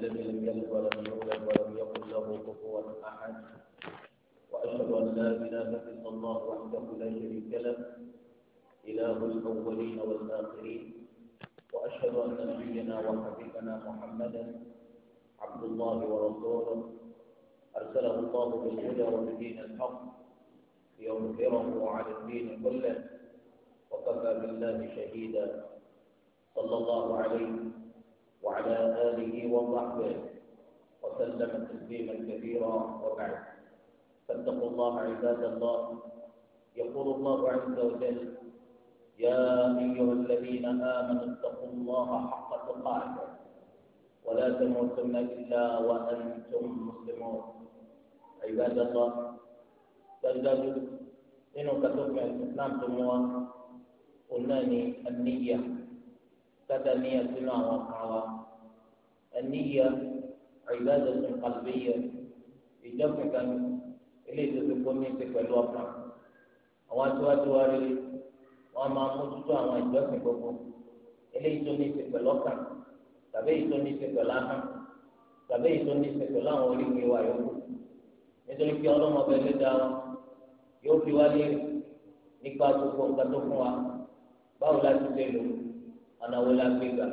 الذي لم يلد ولم يولد ولم يكن له كفوا احد واشهد ان لا اله الا الله وحده لا شريك له اله الاولين والاخرين واشهد ان نبينا وحبيبنا محمدا عبد الله ورسوله ارسله الله بالهدى وبدين الحق ليظهره على الدين كله وكفى بالله شهيدا صلى الله عليه وعلى آله وصحبه وسلم تسليما كثيرا وبعد فاتقوا الله عباد الله يقول الله عز وجل يا أيها الذين آمنوا اتقوا الله حق تقاته ولا تموتن إلا وأنتم مسلمون عباد الله تزداد إنك تؤمن الإسلام تموت قلنا النية sábà níyà sínú àwọn kan wa àníyà ìbádàtun qalbiyya ìjọsìn kan ilé ìtòsí kọ́mí ti pẹ̀lú ọkàn àwọn atiwájú wa rí wọn máa mójútó àwọn ìjọsìn gbogbo ilé ìtòsí ti pẹ̀lú ọkàn tàbí ìtòsí ti pẹ̀lú ahọ́n tàbí ìtòsí ti pẹ̀lú àwọn oríkèé wa yòókù nítorí pé ọlọ́mọbẹ ló dá wọn yóò fi wá lé nípa gbogbo nǹkan tó fún wa báwo la ti lè ọ̀nà wo la gbé gbà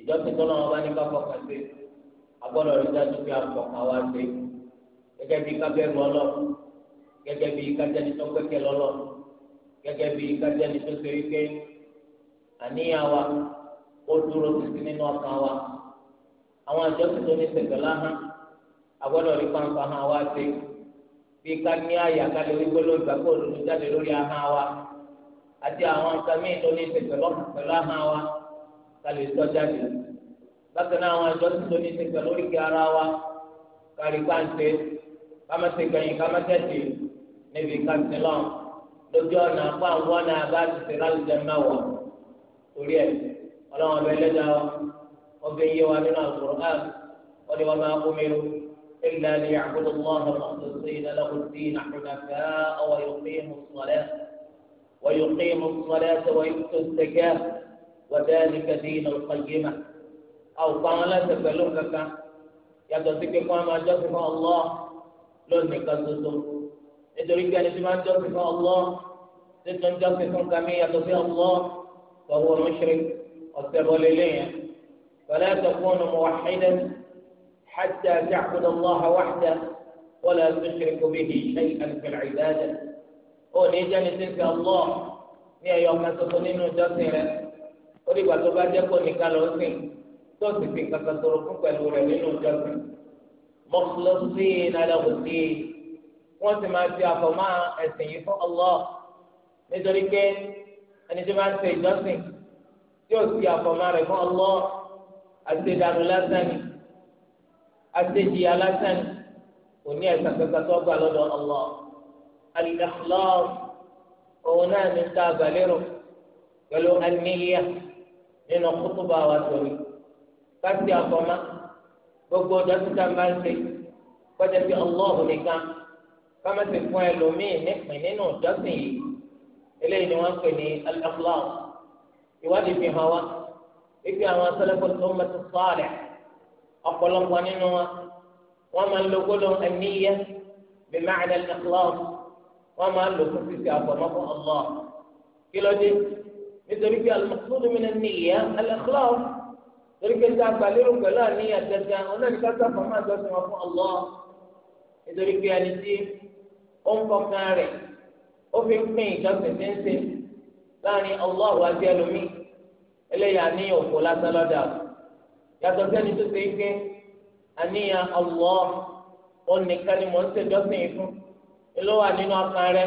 ìjọsìn tó lọ́wọ́ bá ní ká fọkàn sí agbọ́dọ̀ rí dájú pé àfọkàn wá sí gẹ́gẹ́ bí kábẹ́rù ọlọ́ gẹ́gẹ́ bí kájẹ́ni tó gbẹ́kẹ̀ lọ́lọ́ gẹ́gẹ́ bí kájẹ́ni tó ṣe wípé àníyàn wa ó dúró títí nínú ọkàn wa àwọn àjọsìn tó ní sẹ̀gbẹ̀lá hàn agbọ́dọ̀ rí pàǹpà hàn wá sí bí ká ní àyà ká lè rí gbólóògbà kó olùdíjáde lórí ahọ́n wa àti àwọn nǹkan míì tó ní í ṣe pẹ̀lú pẹ̀lú ahọ́n wa ká lè sọ jáde bákan náà àwọn ẹ̀jọ́ tó ní í ṣe pẹ̀lú oríkì ara wa ká rí pàǹtẹ ká má ṣe gbẹ̀yìn ká má tẹ̀sí níbi kàǹtẹ lọ lójú ọ̀nà àpá àwọn ọ̀nà àbá ti ṣe lálùjẹ mẹ́wàá torí ẹ̀ ọlọ́wọ́n ọbẹ̀ lẹ́dàá ọbẹ̀ yé wa nínú Al-Qur'an ọdẹ wọn máa kó mi rú. إلا ليعبدوا الله مخلصين له الصلاة ويقيم الصلاة ويؤتي الزكاة وذلك دين القيمة أو قال تكلمك يا يتسكي ما جسم الله لن يكسسه إدريك أن ما جسم الله تتن جسم كمية في الله فهو مشرك والسر فلا تكون موحدا حتى تعبد الله وحده ولا تشرك به شيئا في العباده ó ní jẹ́ni tí ń fi ọlọ́ ní ẹ̀yọ ọ̀kan tuntun nínú ìjọsìn rẹ ó dìgbà tó bá jẹ́ kó nìkan lọ sí tó sì fi kankan tòrò fún pẹ̀lú rẹ nínú ìjọsìn mọ́fúlọ́sí nàdàwọ̀sí wọ́n sì máa fi àfọ̀mọ́ ẹ̀sìn yìí fún ọlọ́ nítorí pé ẹni tí máa ń ṣe ìjọsìn tí ó sì àfọ̀mọ́ rẹ fún ọlọ́ àti ìdàrú lásán ni àti ìjìyà lásán ni kò ní kankan tó gbà lọ́dọ̀ ọlọ́ọ̀ al-ikhlas òun náà ní ká gbàlérò pẹ̀lú al-niyya nínú kútùbà wa sọ̀rọ̀ káàsì àfọ̀má gbogbo dókítà máa ń ṣe kọjá sí ọlọ́ọ̀hún nìkan kámẹ́sì fún ẹlòmíì nípìn nínú ìjọsìn yìí eléyìí ni wọ́n pè ní al ìwádìí fi hàn wá wípé àwọn sọlẹ́kọ̀ọ́ tó ń bẹ sọ́ọ̀lẹ̀ ọ̀pọ̀lọpọ̀ nínú wa wọ́n máa ń lo gbólóhùn an-niyya bi ma'na al-ikhlas wọn máa ń lò fún fífi àpamọ́ fún ọmọ kí ló dé nítorí pé al-maqsud min an-niyya al-ikhlas torí pé tá a gbà lérò pẹ̀lú àníyàn dandan ọ̀nà ní káta fọmọ́ àjọsìn wọn fún ọmọ nítorí pé ẹni tí ó ń fọkàn rẹ̀ ó fi ń pín ìjọsìn tí ṣe láàrin ọmọ àwọn àti ẹlòmíì ẹlẹ́yà àníyàn òfò lásán lọ́dà yàtọ̀ sẹ́ni tó ṣe é pé àníyàn ọmọ òun ni mò ń ṣèjọsìn fún ló wà nínú ọkàn rẹ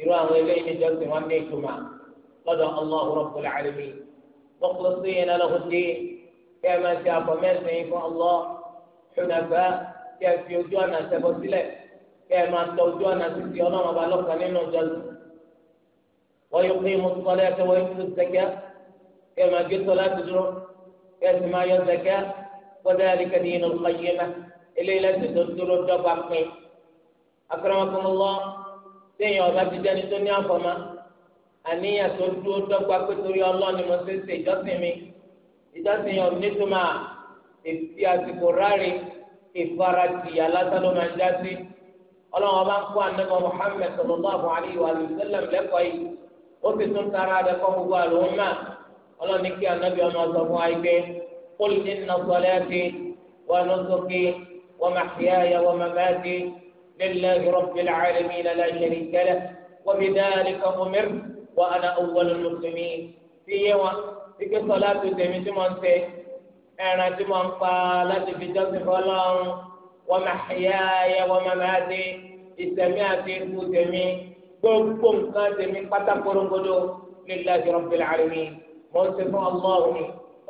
irú àwọn eléyìí níjọ sí wọn ní ìtumà lọ́dọ̀ Allahu Rabbul Alamin mukhlisina lahu ddin kí ẹ máa ṣe àbọ mẹsìn fún Allah ṣùnàgbà kí ẹ fi ojú ọ̀nà ṣẹbọ sílẹ̀ kí ẹ máa tọ ojú ọ̀nà títí ọlọ́run ọba lọ́kàn nínú ìjọ sí wa yuqimu as-salata wa yu'tu az-zakata kí ẹ máa gé sọlá ti dúró kí ẹ sì máa yọ zakata wa dhalika dinul qayyimah eléyìí lẹ́sìn akramakumullah téèyàn ọba ti jẹ́ni tó ní àfọ̀mọ́ àníyàn tó dúró dọ́gba pé torí ọlọ́ọ̀ni mo ṣe ń ṣe ìjọsìn mi ìjọsìn yẹn ò ní túmọ̀ èsì àsìkò ráre ìfarati alásán máa ń já sí ọlọ́run ọba ń kó anábọ̀ Muhammad wa sallam lẹ́kọ̀ọ́ yìí ó sì tún tara rẹ̀ kọ́ gbogbo ní kí anábì ọmọ fún لله رب العالمين لا شريك له وبذلك أمر وأنا أول المسلمين في يوم في صلاة تمتمن أنا تمن صلاة في جنب الله ومحياي ومماتي ìsẹ̀mí àti ikú tẹ̀mí gbogbo nǹkan tẹ̀mí pátákórógbódó lillahi rabbil alamin mọ̀ ń sẹ́fún ọlọ́run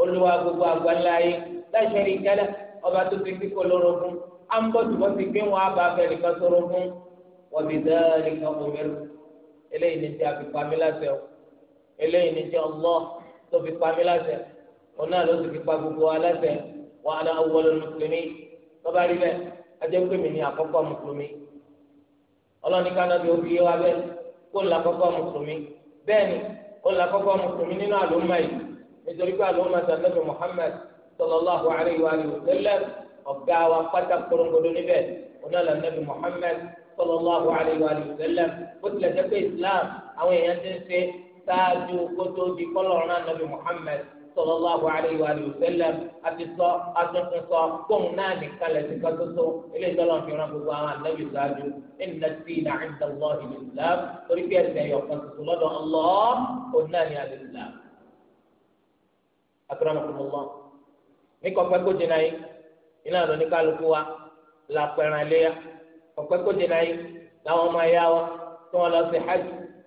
olúwa gbogbo àgbáńlá yìí la sharika lahu ọba tó ti kíkọ́ lórogún à ń bọ̀ tìbọ̀ ti pé wọn á bá abẹ́ nìkan sọ̀rọ̀ fún wọn ti dá nìkan fún mi eléyìí ni ti a fi pa mí láṣẹ o eléyìí ni ti Allah tó fi pa mí láṣẹ òun náà ló ti fi pa gbogbo wa láṣẹ wa ana awwalul muslimin tọ́ba rí bẹ́ẹ̀ ajẹ́ pé mi ni àkọ́kọ́ mùsùlùmí ọlọ́ni ká náà bí wa bẹ́ẹ̀ kó la kọ́kọ́ mùsùlùmí bẹ́ẹ̀ ni ó la mùsùlùmí nínú àlùmọ́ nítorí pé àlùmọ́ sàlẹ́bẹ̀ Muhammad sallallahu alayhi wa sallam ọ̀gá wa pátá korongodo níbẹ̀ onáàlà nàbì muhammed sallallahu alayhi wa sallam bó tilẹ̀ jẹ́ pé islam àwọn èèyàn ti ń ṣe ṣáájú kótó di kọ́lọ́ọ̀rán nàbì muhammed sallallahu alayhi wa sallam àti sọ àtúntún sọ kóun náà nìkan lẹ̀ sí kótótó ilé ìtọ́lọ̀ fi ran gbogbo àwọn ànábì ṣáájú inna dina inda allah ilé islam torí pé ẹsẹ̀ ẹ̀yọ̀kan tuntun lọ́dọ̀ allah iná lọ ní kálukú wa la pẹ̀ràn léyà ọ̀pẹ́ kó dènà yìí làwọn ọmọ ẹ̀yà wa tí wọ́n lọ sí hajj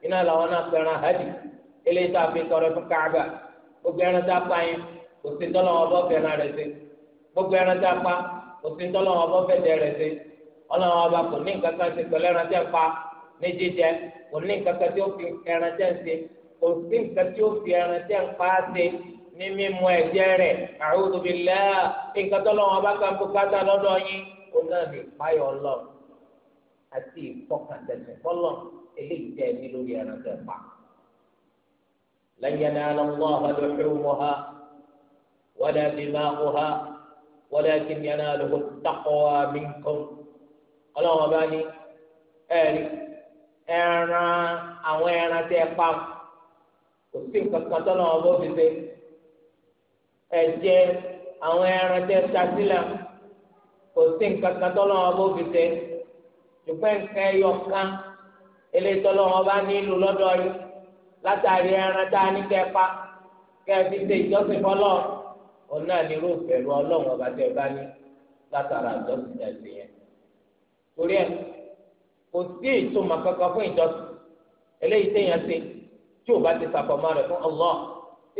iná làwọn náà pẹ̀ràn hajj eléyìí tá a fi tọrọ fún káàbà gbogbo ẹran tá a pa yín kò sí tọ́lọ́wọ́n bọ́ fẹ̀ràn rẹ̀ sí gbogbo ẹran tá a pa kò sí tọ́lọ́wọ́n bọ́ fẹ̀dẹ̀ rẹ̀ sí ọlọ́wọ́n ọba kò ní nǹkan kan ṣe pẹ̀lú ẹran tẹ́ pa ní jíjẹ kò ní nǹkan kan tí fi ẹran tẹ́ ń ṣe kò sí nǹkan tí fi ẹran tẹ́ ń pa á ní mímu ẹ̀jẹ̀ rẹ̀ a'udhu billah nǹkan tó lọ́wọ́ bá kan bùkátà lọ́dọ̀ yín ó náà lè páyọ̀ lọ àti ìfọkàntẹ̀sẹ̀ fọlọ́ eléyìí tẹ̀ ní lórí ẹran tẹ̀ pa. lan yanala Allaha luhumuha wala dima'uha walakin yanaluhu at-taqwa minkum ọlọ́wọ́ bá ní ẹ̀rí ẹran àwọn ẹran tẹ̀ pa kò sí nǹkan kan bó fi ṣe. ẹ̀jẹ̀ àwọn ẹran tẹ ṣàtìlà kò sí nǹkan kan tọ́lọ́wọ́ bó fi tẹ ṣùgbọ́n nǹkan ẹyọ kan eléyìí tọ́lọ́wọ́ bá nílò lọ́dọ̀ yìí látàrí ẹran tá a ní kẹ́ pa kẹ́ ìjọsìn fọlọ́ òun náà ní irú ìfẹ̀rù ọlọ́run ọba tẹ bá ní látara ìjọsìn ẹ̀sìn yẹn torí ẹ kò sí ìtumọ̀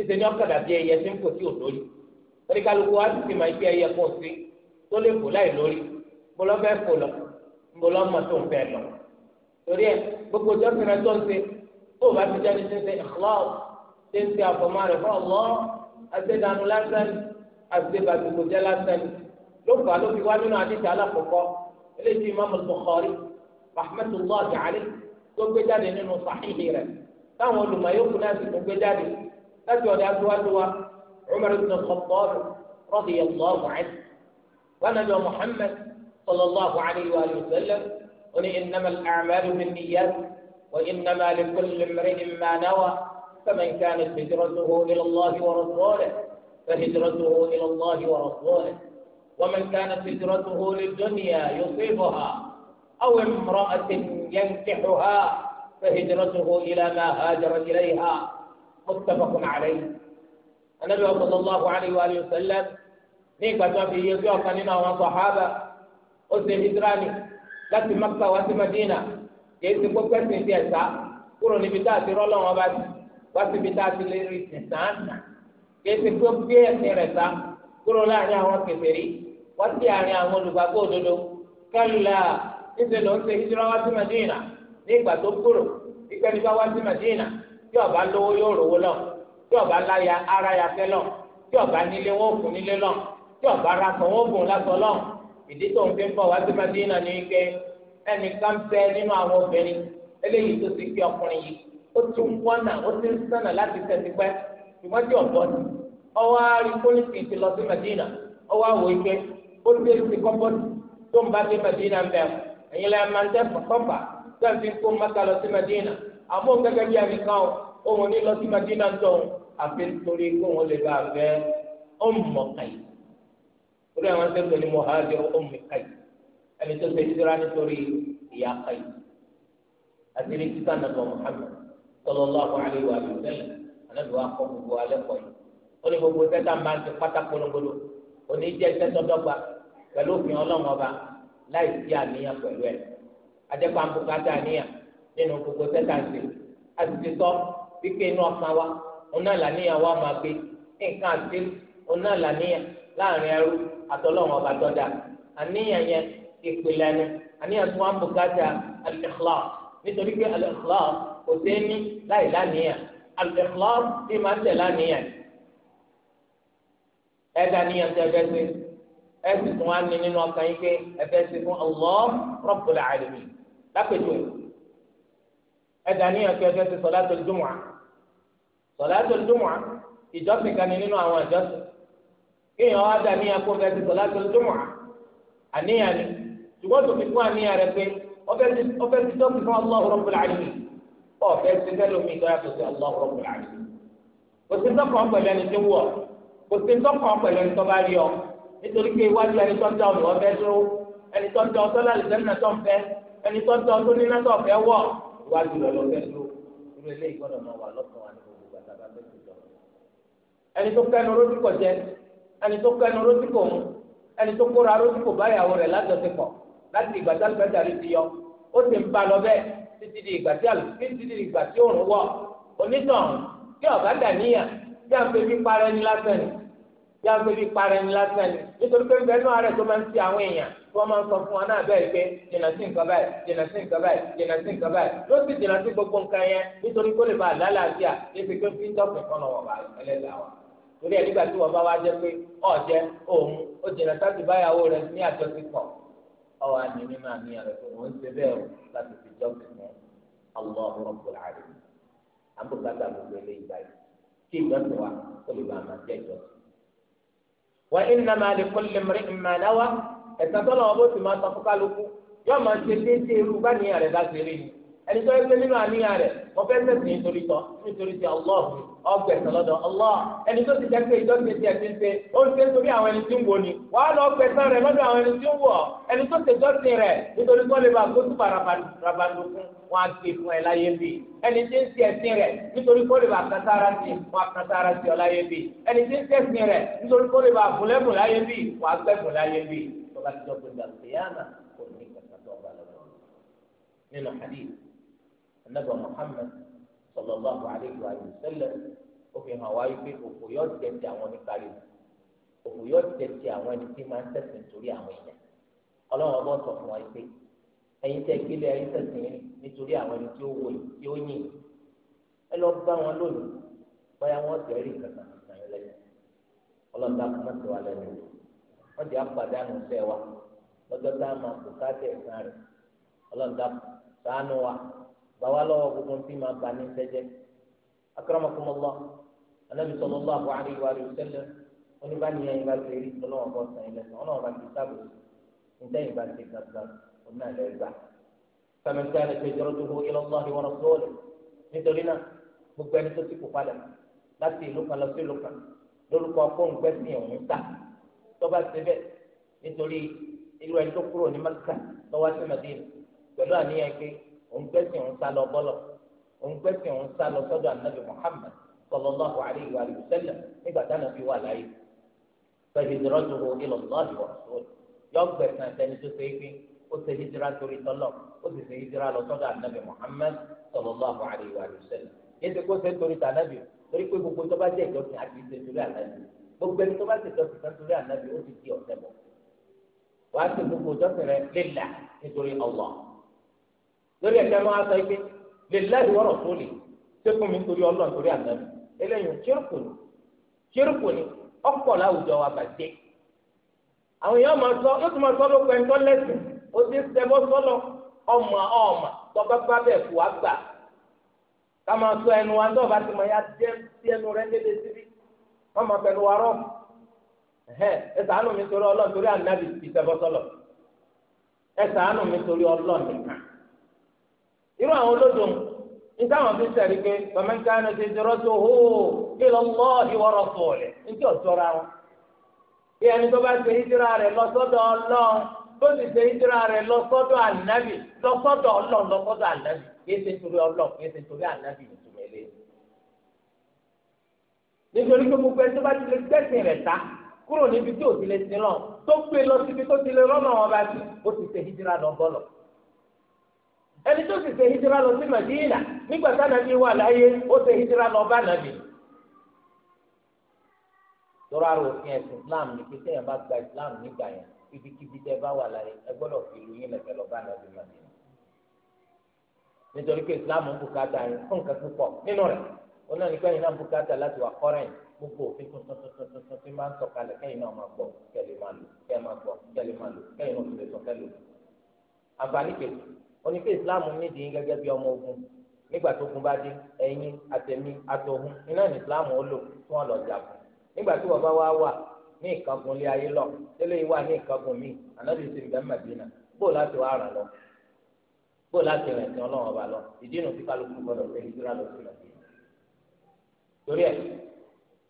ìṣe ní ọ̀kadà bí ẹyẹ tí ń kò tí ò lórí oníkálukú wa ti ti máa gbé ẹyẹ kó sí tó lè kó láì lórí mbọlọ fẹ́ kó lọ mbọlọ mọ tó ń fẹ́ lọ torí ẹ gbogbo jọ́sìn rẹ tó ń ṣe tó o bá ti jáde tó ń ṣe ìkhlọ́ọ̀ tó ń ṣe àfọmọ́ rẹ fún ọ̀lọ́ àṣẹdànù lásán àṣẹbàtìkọjẹ lásán ló fà ló fi wá nínú àdìsí alákọ̀ọ́kọ́ eléyìí imaamu bukhari rahmatulahi alayhi tó gbé jáde nínú sàhíhì rẹ táwọn olùmọ̀ yókù náà أجود أزواجها عمر بن الخطاب رضي الله عنه ونبي محمد صلى الله عليه وآله وسلم قل إنما الأعمال بالنيات وإنما لكل امرئ ما نوى فمن كانت هجرته إلى الله ورسوله فهجرته إلى الله ورسوله ومن كانت هجرته للدنيا يصيبها أو امرأة ينكحها فهجرته إلى ما هاجر إليها متفق عليه النبي صلى الله عليه وآله وسلم نيكا جاب يجوا كاننا وصحابة أسر هجراني láti Mẹ́kà wá sí Mẹ́dínà kìí ti gbogbo ẹ̀sìn ti ẹ̀sà kúrò níbi tá a ti rọ́ lọ́wọ́ bá ti wá síbi tá a ti lè rí sàánà kìí ti gbogbo ẹ̀sìn rẹ̀ sá kúrò láàrin àwọn kèfèrí wá sí àárín àwọn olùgbàgbọ́ òdodo kálá níṣẹ́ ló ń ṣe hijira wá sí Mẹ́dínà ní ìgbà tó kúrò ìgbẹ́ni bá wá sí Mẹ́dínà tí ọba lówó yóò rówó lọ tí ọba láya ara ya fẹ́ lọ tí ọba nílé wọn òkun nílé lọ tí ọba rakọ wọn òkun lakọ lọ ìdí tó ń fi ń bọ̀ wá sí Madina ní ike ẹnìkan bẹ nínú àwọn obìnrin eléyìí tó ti fi ọkùnrin yìí ó ti ń wọnà ó ti ń sànà láti tẹ̀sí pẹ́ ṣùgbọ́n tí ọ̀bọ ni ọwọ́ arí pólísì ti lọ sí Madina ọwọ́ àwọ̀ ike pólísì ti kọ́ bọ́ọ̀lù tó ń bá sí Madina bẹ̀rù ẹ̀yin lẹ́yìn máa ń tẹ́ pọ̀pọ̀ fà tó ń fi kó mọ́ta lọ sí Madina àmọ́ gẹ́gẹ́ bí abìkan o òun ní lọ sí madina tó àfi kó wọn lè bá a fẹ́ ọmọ kàyí orí àwọn sẹ́kọ̀ọ́ ni muhajiru ọmọ kàyí ẹni tó ṣe ìṣúra nítorí ìyá kàyí àti ní títà nàbọ muhammed kọ gbogbo alẹ kọ yìí ó ní gbogbo sẹta máa ń ti pátá jẹ sẹtọ òfin láì sí àníyàn ẹ àníyàn nínú gbogbo sẹ́tàǹsì àti ti sọ wípé inú ọ̀sán wa òun náà làníyàn wa máa gbé nǹkan àti òun náà làníyàn láàrin ẹrú àtọ́lọ́wọ́n ọba tọ́da àníyàn yẹn ìpìlẹ̀ ni àníyàn tí wọ́n á bùkátà al nítorí pé al kò sí ní láì láníyàn al ti máa ń tẹ̀ láníyàn ẹ̀dá níyàn tẹ́ fẹ́ sí ẹ̀sìn tí wọ́n ní nínú ọkàn yín pé ẹ̀fẹ́ sí fún Allah Rabbul Alamin lápẹ̀jọ́ ẹ̀dá ní ẹ̀kọ́ ẹ̀fẹ́ ti sọ̀látùl jumu'ah sọ̀látùl jumu'ah ìjọsìn kan ní nínú àwọn ìjọsìn kéèyàn wá dá ní ẹ̀kọ́ ẹ̀fẹ́ ti sọ̀látùl jumu'ah àníyàn ni ṣùgbọ́n tó fi fún àníyàn rẹ pé ọfẹ́ ti jọ́sìn fún Allahu Rabbul Alamin ọfẹ́ ti fẹ́ lómi ìgbà yàtọ̀ sí Allahu Rabbul Alamin kò sí ntọ́kàn pẹ̀lú ẹni tí ń wọ̀ kò sí ntọ́kàn pẹ̀lú ẹni tó bá rí ọ nítorí pé iwájú ẹni tó ń dá ọ̀nà ọ̀fẹ́ dúró ẹni tó ń dá ọ̀tọ́ láti sẹ́nu tó ń fẹ́ ẹni tó ń dá ọ̀tọ́ nínú náà tó wọ̀ wájú rẹ lọ fẹ́ lò irú eléyìí gbọ́dọ̀ máa wà lọ́kàn wa ní gbogbo bàtà bá fẹ́ tìjọ. ẹni tó kẹnu rótìkọ̀ jẹ ẹni tó kẹnu rótìkọ̀ mu ẹni tó kóra rótìkọ̀ báyàwó rẹ̀ lájọṣepọ̀ láti ìgbà tí alùpàdàrí ti yọ ó ti ń ba lọ bẹ́ẹ̀ títí di ìgbà tí alùpàdàrí títí di ìgbà tí òòrùn wọ̀ onítàn tí ọ̀gá dàníyà tí à ń ní lásán ni yá pé bí parẹ́ ní lásán ni nítorí pé bẹ́ẹ̀ náà rẹ̀ tó máa ń ti àwọn èèyàn tí wọ́n máa ń sọ fún wa náà bẹ́ẹ̀ pé jìnnà sí nǹkan báyìí jìnnà sí nǹkan báyìí jìnnà sí nǹkan báyìí ló sì jìnnà sí gbogbo nǹkan yẹn nítorí kó lè bá àlàáfíà èsì pé fi ń dọ̀pẹ̀ kọ́nà wọ̀ bá ẹlẹ́dàá wa torí ẹ̀ nígbà tí wọ́n bá wá jẹ́ pé ọ̀jẹ́ òun ó jìnnà sáti báyàwó rẹ̀ ní àjọṣepọ̀ ọwọ́ àmì mímọ́ àmì rẹ̀ o láti fi jọ́sìn fún Allahu Rabbul Alamin àbúgbàgbà gbogbo eléyìí báyìí kí ìjọsìn wa kó lè bá a máa jẹ́ ìjọsìn wa innama li kulli imri'in ma nawa ẹ̀sán tó lọ́wọ́ bó ti máa sọ fún kálukú yóò máa ṣe déédéé irú bá níyàn rẹ̀ bá ṣe rí ni ẹni tó yẹ pé nínú àníyàn rẹ̀ mo fẹ́ sẹ̀sì nítorí tọ́ nítorí ti Allah ọgbẹ̀sán lọ́dọ̀ Allah ẹni tó ti jẹ́ pé ìjọ́sìn ti ẹ̀ ti ń ṣe ó ń ṣe nítorí àwọn ẹni ni wàá lọ gbẹ̀san rẹ̀ lọ́dọ̀ àwọn ẹni tí ó wọ̀ ẹni tó tẹ̀jọ́ sí rẹ̀ nítorí kó lè bá gbósù pa rabandokun wọn á gbé e fún ẹ láyé bí ẹni tí ń ṣe ẹ̀sìn rẹ̀ nítorí kó lè bá kàtàrà sí wọn á kàtàrà sí ọ láyé bí ẹni tí ń ṣe ẹ̀sìn rẹ̀ nítorí kó lè bá gbólẹ́gùn láyé bí wọn á gbẹ́gùn láyé bí tọ́ba ti dọ́gbẹ́ gbà kéyàmà kò ní kàtàtọ̀ ọba lọ́wọ́ nínú hadith anabi muhammad sallallahu alayhi wa sallam ó fi hàn wáyé pé òkú yọ òkú yóò jẹ ti àwọn ẹni tí máa ń tẹ̀sìn torí àwọn èèyàn ọlọ́run ọgbọ́n sọ fún wa pé ẹ̀yin tẹ́ gbélé ayé tẹ̀sìn nítorí àwọn ẹni tí ó wò yìí tí ó yìn ẹ lọ bá wọn lónìí báyà wọn tẹ̀rí kankan kankan lẹ́yìn ọlọ́run dá kọ́ mọ́tò wa lẹ́nu wọ́n ti àpàdánù fẹ́ wa lọ́jọ́ tá a máa kó káàtẹ̀ ẹ̀sán rẹ̀ ọlọ́run dá ṣàánú wa gbà lọ́wọ́ gbogbo tí máa bá ní sẹ́jẹ́ akramakumullah anábì sallallahu alaihi wa sallam oníbànìyàn yìí bá ti rí ọlọ́wọ́n bọ́ sàn ilẹ̀ sàn ọlọ́wọ́n bá ti sábò níta yìí bá ti gàgà ọ̀nà ilẹ̀ gbà. sàmìkà lè fẹjọ́ tó fún ilé ọgbọ́n ìwọ̀n sọ́ọ̀lẹ̀ nítorí náà gbogbo ẹni tó ti kó padà láti ìlú kan lọ sí ìlú kan lórúkọ fóun gbẹ́sìn ọ̀hún ta tó bá ti bẹ̀ nítorí irú ẹni tó kúrò ní mẹ́kà lọ́wọ́ sí mẹ́dínà pẹ̀lú àníyàn pé òun gbẹ́sìn òun sá lọ bọ́lọ̀ òun Muhammad sallallahu alaihi wa sallam nígbà táwọn فهجرته إلى الله ورسوله يقبل كان تاني تسيبي وتهجرة تريد الله وتهجرة لصدى النبي محمد صلى الله عليه وآله وسلم yéésì kó sẹ́ni torí tànàbì torí pé gbogbo tó bá jẹ́ ìjọsìn àti ìṣe torí ànábì gbogbo ẹni tó bá ṣe ìjọsìn kan torí ànábì ó ti di ọ̀sẹ̀ bọ̀ wàá ṣe gbogbo ìjọsìn rẹ lélà nítorí Allah lórí ẹ̀jẹ̀ máa sọ pé lélà ìwọ́rọ̀ tó lè ṣé fún mi torí ọlọ́run torí ànábì eléyìí ṣírùkù ni ṣírùkù ni ọ̀pọ̀ láwùjọ wa bàjẹ́ àwọn èèyàn máa sọ yóò tún máa sọ lóko ẹni lẹ́sìn ó ti sẹ́bọ́ sọ́lọ ọmọ ọmọ tọ́ba bá bẹ̀ fún wa gbà ká máa sọ ẹnu wa ti máa ya jẹ́ sí ẹnu rẹ síbí wọ́n máa wa ẹ mi torí ọlọ́run torí ànábì ti sẹ́bọ́ nítawọn fi sẹ̀rí pé bàmẹ́ńkà náà ti dọ̀rọ̀ tó hó ila Allah wa rasulih nítorí ọ̀tọ́ra wọn. bí ẹni tó bá ṣe hijira rẹ̀ lọ sọ́dọ̀ ọlọ́run tó sì ṣe hijira rẹ̀ lọ sọ́dọ̀ ànábì lọ sọ́dọ̀ ọlọ́run lọ sọ́dọ̀ ànábì kì í ṣe torí ọlọ́run kì í ṣe torí ànábì ìtumọ̀ nítorí pé gbogbo ẹni tó bá ti lè gbẹ́sìn rẹ̀ ta kúrò níbi tí ò ti lè sin lọ tó gbé lọ síbi tó ti lè rọ́nà wọn bá ti ó ti ṣe hijira lọ bọ́lọ̀. ẹni tó sì ṣe hijira lọ sí Madina nígbà tá nàbí wà láyé ó ṣe hijira lọ bá nàbí. lọ́rọ̀ àrò òfin ẹ̀sìn Islam ní pé sẹ́yìn bá gba Islam nígbà yẹn ibikíbi tẹ́ bá wà láyé ẹ gbọ́dọ̀ fi ìlú yín lẹ̀kẹ́ lọ bá nàbí Madina. nítorí pé Islam ń bùkátà yín fún nǹkan púpọ̀ nínú rẹ̀ ó náà ní náà ń bùkátà láti wà gbogbo òfin tuntun tuntun tuntun tí máa ń kẹ́yìn náà máa gbọ́ kẹ́lẹ́ máa lò kẹ́yìn máa gbọ́ kẹ́lẹ́ máa lò kẹ́yìn onye ni pé islam nídìí gẹ́gẹ́ bí ọmọ ogun nígbà tó gun bá dé ẹ̀yin àtẹ̀mí àtọ̀hún iná ní islam ó lò fún ọlọ́jà fún nígbà tí wọ́n bá wà ní lé ayé lọ tẹ́lẹ̀ yìí wà ní ìkángun míì ànábì sì ń bẹ́ màdínà bó láti wá ràn lọ bó láti rìn sí ọba lọ ìdí inú kálukú gbọdọ̀ ìdúrà lọ sí torí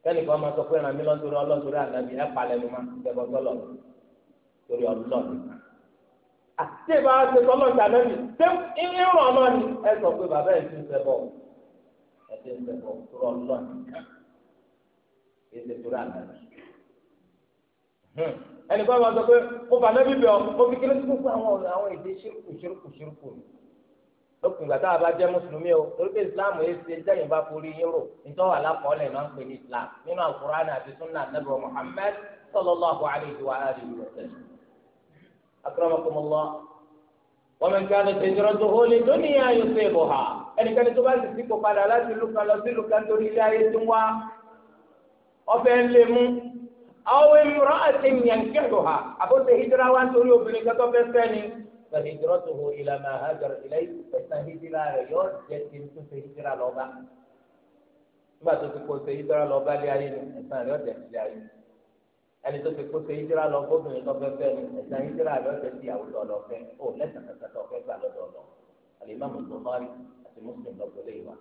kẹ́ni kan máa àti ah, ìbá ṣe tọ́lọ̀ ìtànẹ́bì ṣé ilé ràn án náà ni ẹ sọ pé bàbá ẹ̀ ti ń sẹ́bọ̀ ẹ̀ ti ń sẹ́bọ̀ tóró ọlọ́ọ̀ nìkan ètò ìtura àgbàdo. Hmm. ẹnì kan máa sọ pé mo fà nẹ́bí bẹ̀ ọ́ mo fi kéré tó fún àwọn ọ̀rọ̀ àwọn èdè ṣírùkù ṣírùkù ṣírùkù ni. lópin ìgbà táwa bá jẹ́ mùsùlùmí o torí pé islam yìí ṣe jẹ́yìn bá forí yín rò nítorí alákọ̀ọ́lẹ̀ máa ń pè ní islam nínú àkùránì àti sunnah nebro muhammad sallallahu alayhi wa alihi wa sallam akramakum Allah wa man kanat hijratuhu li dunya yusibuha ẹnikẹ́ni tó bá sì sípò padà láti ìlú kan lọ sí ìlú kan torí ilé ayé tó ń wá ọbẹ̀ ń lè mú aw imra'atin yankihuha àbótẹ hijira wa nítorí obìnrin kan tó fẹ́ fẹ́ ni fa hijratuhu ila ma hajara ilayhi ẹ̀sán hijira rẹ̀ yọ jẹ́ ti tó ṣe hijira lọ́ba nígbà tó ti kó ṣe hijira lọ́ba lé ayé ni ẹ̀sán rẹ̀ yọ ẹni tó fi kó ṣe ìdíra lọ gómìnà lọfẹfẹ ni ẹsẹ ìdíra rẹ ọsẹ ti àwọn ọlọ lọfẹ ó lẹsàn kàkàtà ọfẹ gbà lọ́dọ̀ lọ alimami buhari àti muslim lọgbọ lẹ́yìn wa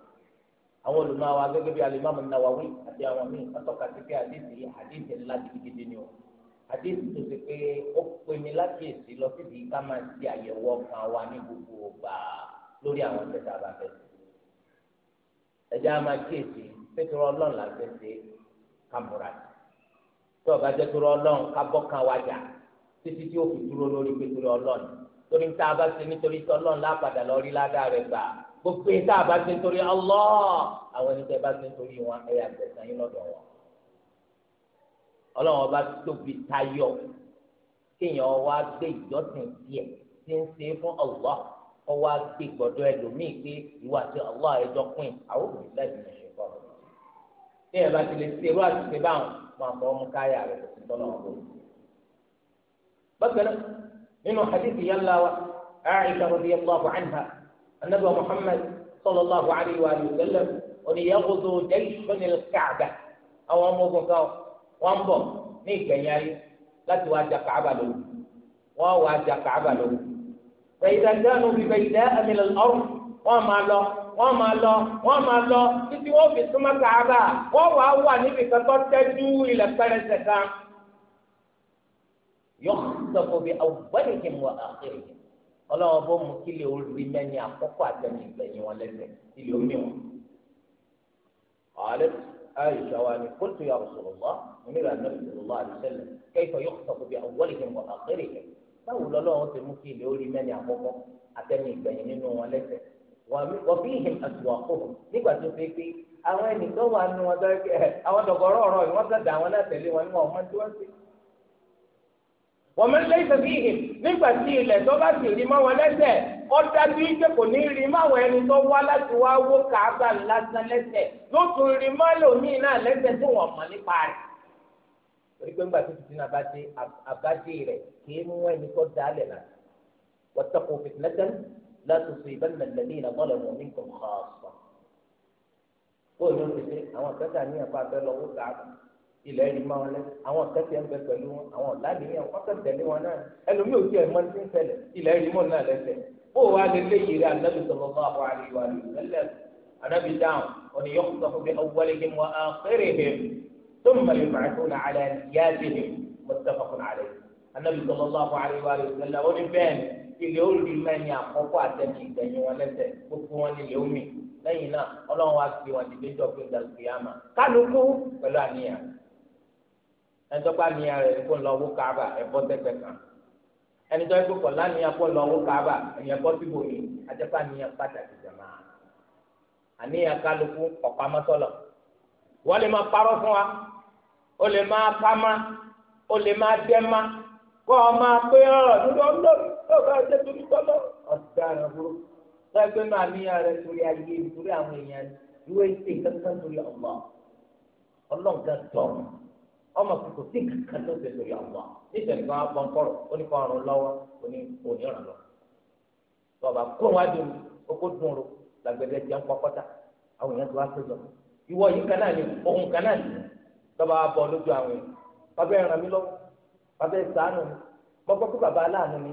àwọn olùmọ̀wá gẹ́gẹ́ bí alimami nawawi àti àwọn míì ọtọka sí pé àdéhìí àdéhìí ńlá gidigidi ni o àdéhìí tó ṣe pé ó pe ní lákèésí lọ síbi ká máa ṣe àyẹ̀wò ọkàn wa ní gbogbo ọgbà lórí àwọn ìṣẹ̀dá àbáfẹ́sì ẹ̀jẹ̀ á máa kíyèsí tó ọba jẹ́ torí ọlọ́run kábọ́ kan wájà títí tí ó fi dúró lórí pé torí ọlọ́run torí ń tá a bá ṣe nítorí tí ọlọ́run lápadà lọ rí ládàá rẹ̀ gbà gbogbo ń a bá ṣe nítorí Allah àwọn ẹni tẹ́ bá ṣe nítorí wọn ẹ̀yà gbẹ̀sán yín lọ́dọ̀ wọn. ọlọ́run ọba tóbi tayọ kéèyàn wá gbé ìjọsìn tiẹ̀ tí ń ṣe fún Allah kọ́ wá gbé gbọ́dọ̀ ẹlòmíì pé ìwà tí Allah ẹjọ́ pín àwọn òbí lẹ́yìn ìṣẹ̀kọ́ rẹ̀. bí ẹ máa fọ́ mú káyà rẹ̀ tọ́lọ̀ ọ̀gbọ́n. bákan náà nínú hadithi yálà wa aisha radiyallahu anha anabi wa muhammad sallallahu alayhi wa sallam oníyàgòdò jẹ́yìnbọn kàbà àwọn ọmọ ogun kan wọ́n ń ní ìgbẹ̀yìn ayé láti wá ja kàbà lóru wọ́n wá ja kàbà lóru. فإذا كانوا ببيداء من الأرض وما لهم wọ́n máa lọ wọ́n máa lọ títí wọ́n fi súnmọ́ káàbà wọ́n wà á wà níbi kan tó tẹ́jú ilẹ̀ pẹrẹsẹ̀ kan. yọ̀ọ́sọ̀kọ̀ bíi awùbọ́nìkì mu àkèrè ọlọ́wọ́n bó mu kí lè orí mẹ́ni àkọ́kọ́ àtẹ̀yìn ìgbẹ̀yìn wọn lẹ́sẹ̀ ilé omi wọn. ọ̀hálẹ́ àyíṣà wa ni kóòtù yà Rasulullah onílà náà Rasulullah àdìsẹ́lẹ̀ kẹ́kọ̀ọ́ yọ̀ọ́sọ̀kọ̀ bíi awùbọ́nìkì mu àkèrè báwo lọ́lọ́wọ́n ti mú kí ilé mẹ́ni àkọ́kọ́ àtẹ̀yìn ìgbẹ̀yìn nínú wọn lẹ́sẹ̀ wọ̀bíhìn àtùwàkùn nígbà tó fẹ́ pé àwọn ẹnìkan wà nù wọn sọ pé àwọn dọ̀gọ́rọ̀ ọ̀rọ̀ yìí wọ́n sọ dà wọn náà tẹ̀lé wọn ní wọn ọmọ tí wọ́n ti. wọ́n mẹ́lẹ́ ìsọ̀bíhìn nígbà tí ilẹ̀ tó bá sì rí mọ́ wọn lẹ́sẹ̀ ó dájú pé kò ní rí máwọn ẹni tó wá láti wá wó kàába lásán lẹ́sẹ̀ ló tún rí má lòmíì náà lẹ́sẹ̀ tó wọ́n mọ̀ nípa rẹ̀. torí pé ńgbà tó ti dín abájé rẹ̀ kì í mú ẹni tó dálẹ̀ náà wọ́n tọ́kùn fìtìlẹ́sẹ̀ لا تصيبن الذين ظلموا منكم خاصة kóò ní o ti pé àwọn akẹ́kọ̀ọ́ àníyàn pa abẹ́ lọ́wọ́ ta ilẹ̀ ẹni máa ń lẹ àwọn akẹ́kọ̀ọ́ ń bẹ pẹ̀lú wọn àwọn ọ̀làníyàn wọ́n fẹ́ tẹ̀lé wọn náà ẹlòmíì ò tiẹ̀ mọ́ ní ṣẹlẹ̀ ilẹ̀ ẹni mọ́ náà lẹ́sẹ̀ ó wà lé léyìí rẹ̀ anábì sọ̀rọ̀ bá wà ní ìwà rẹ̀ lẹ́lẹ̀ anábì dáhùn òní yọkùn sọ fún mi ọwọ́lé kí wọ́n á fẹ́rẹ̀ hẹ̀ tó mọ̀ lè máa tó náà alẹ́ yáàdì hẹ̀ mọ̀ ilẹ̀ ó rí lẹ́yìn àkọ́kọ́ àtẹ̀kì ìgbẹ̀yìn wọn lẹ́sẹ̀ gbogbo wọn nílẹ̀ ó mì lẹ́yìn náà ọlọ́run wá sí wọn dìde jọ pé gbàgbé àmà kálukú pẹ̀lú àníyàn ẹnitọ́gbà àníyàn rẹ̀ ní kó lọ owó káàbà ẹ̀bọ́ tẹ́gbẹ̀ kan ẹnitọ́ ẹ̀kọ́ kọ̀ láníyàn kó lọ owó káàbà ẹ̀yìn ẹ̀bọ́ síbò mi àjẹpá àníyàn pàtàkì jàmá àníyàn kálukú ọ̀pamọ́sọ́lọ̀ wọ́n lè máa parọ́ fún wa ó lè máa ká ó lè máa dẹ́ má kọ́ máa pé ọ̀rọ̀ dúdú ọ̀dọ́ ọba ẹjẹ torí tọ́lọ́ ọ̀daràn burú lọ́gbẹ́ náà níyàn rẹ torí ayé torí àwọn èèyàn ìwé ìsè kankan torí ọ̀gbọ́n ọlọ́ọ̀gá tọ̀rọ̀ ọmọ kòkò sí kankan tó ṣe torí kan ó ní lọ́wọ́ ó ní òní lọ. ni kan náà ni bọ̀ lójú àwọn èèyàn bàbá ẹ̀ràn mi lọ́wọ́ bàbá ẹ̀ sàánù mi bàbá aláàánú mi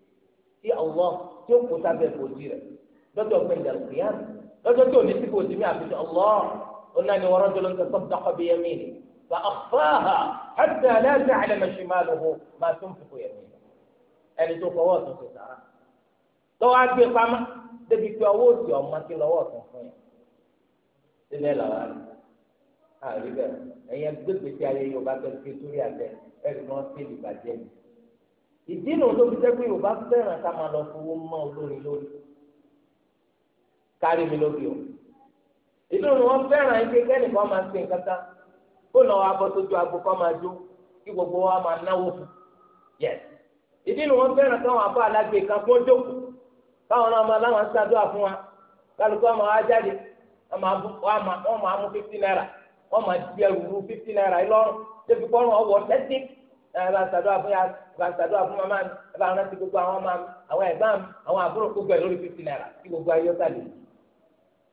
tí Allah tí ó kó sábẹ́ kòtì rẹ̀ lọ́jọ́ gbẹ̀ngàn kìíyàn lọ́jọ́ tí ò ní sí kòtì mi àfi Allah ọ̀nà ni wọ́n rọ́jò ló ń tẹ sọ́kùtà kọ́bí yẹn mí ni fa akhfaha hatta la ta'lama shimaluhu ma tunfiqu yaminuhu ẹni tó fọwọ́ ọ̀tún ti sàrà lọ́wọ́ á pamọ́ débi pé ọwọ́ òsì ọmọ ti lọ́wọ́ ọ̀tún fún yẹn sílẹ̀ làwọn àlè ìdí nu tó fi jẹ́ pé yorùbá fẹ́ràn ká máa lọ fowó mọ́ olórin lórí kárí mi lóbi o ìdí nu wọn fẹ́ràn ike kẹ́nìkan máa sin kankan kó lọ́wọ́ abọ́ agbo kọ́ máa jó kí gbogbo wa máa náwó fún yẹn ìdí nu wọn fẹ́ràn káwọn abọ́ alágbè kan káwọn náà máa láwọn fún wa kálukú wa máa jáde máa mú máa di ẹrù ọ ẹ bá ṣàdúrà fún ya bá ṣàdúrà fún màmá mi ẹ bá rántí gbogbo àwọn ọmọ mi àwọn ẹ̀gbọ́n mi àwọn àbúrò gbogbo ẹ̀ lórí fífi náírà kí gbogbo ayé ọ̀tá lè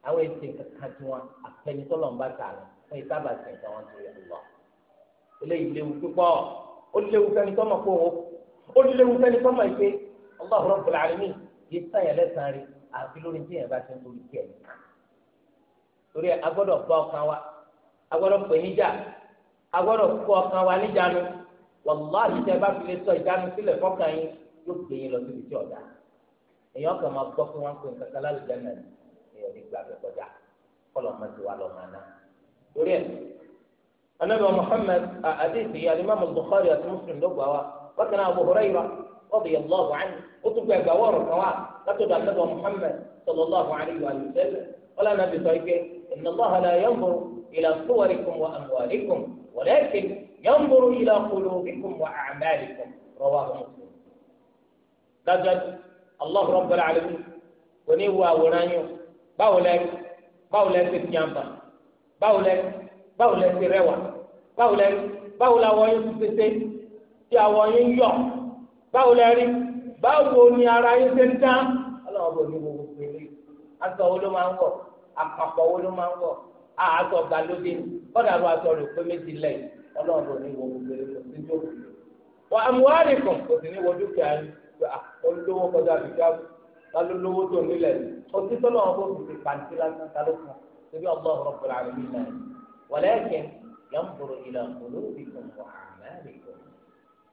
àwọn ètò kankan tí wọn àfẹnitọ́lọ̀ ń bá tà lọ fún ìsábà sí ìtàn wọn torí ọlọ eléyìí léwu púpọ̀ ó léwu fẹ́ni tọ́mọ̀ pé òun ó léwu fẹ́ni tọ́mọ̀ ìpè ọlọ́run rọ́pò láàrin mi yìí sáyẹn lẹ́sàn-án rí wàláhì tẹ bá fi lè sọ ìdánusílẹ̀ fọ́kàn yín yóò gbé yín lọ síbi tí ọ̀dà èèyàn kan máa gbọ́ fún wọn pé nǹkan kan lálẹ́ jẹ́nà ni èèyàn ní gbàgbé kọjá kọlọ̀ máa ti wá lọ máa ná. torí ẹ̀ anabi muhammed adiisi alimami bukhari àti muslim ló gbà wá wákàtí abu hurayra radiyallahu anhu ó tún gba ẹgbà wọ́ọ̀rọ̀ kan wá látọ̀dọ̀ anabi muhammed sallallahu alayhi wa sallam wọ́n lánàá ولكن ينظر إلى قلوبكم وأعمالكم رواه مسلم لقد الله رب العالمين ونوى ورانيو باولك باولك تنيامبا باولك باولك روا باولك باولا وين تسيسي tí àwọn yín yọ báwo lẹ rí báwo ni ara yín ṣe ń dán ọlọ́run bò ní gbogbo pèlè aṣọ wo ló máa kọ́dà ló aṣọ rẹ̀ pé méjì lẹ́yìn ọlọ́run ní wọ́n gbogbo rẹ̀ kò sí jókòó. wà á mú wárí kan kò sí ní wọ́n dúkìá rẹ̀ olówó kọjá àbíká lálólówó tó nílẹ̀ kò sí tọ́lọ́ wọn kó fi pàǹtí lásán ta ló kàn síbi ọgbọ́n ọ̀rọ̀ pẹ̀lú àrùn mi náà wọ̀lẹ́kẹ̀ yẹn ń bọ̀rọ̀ ìlà olóòbí kan wà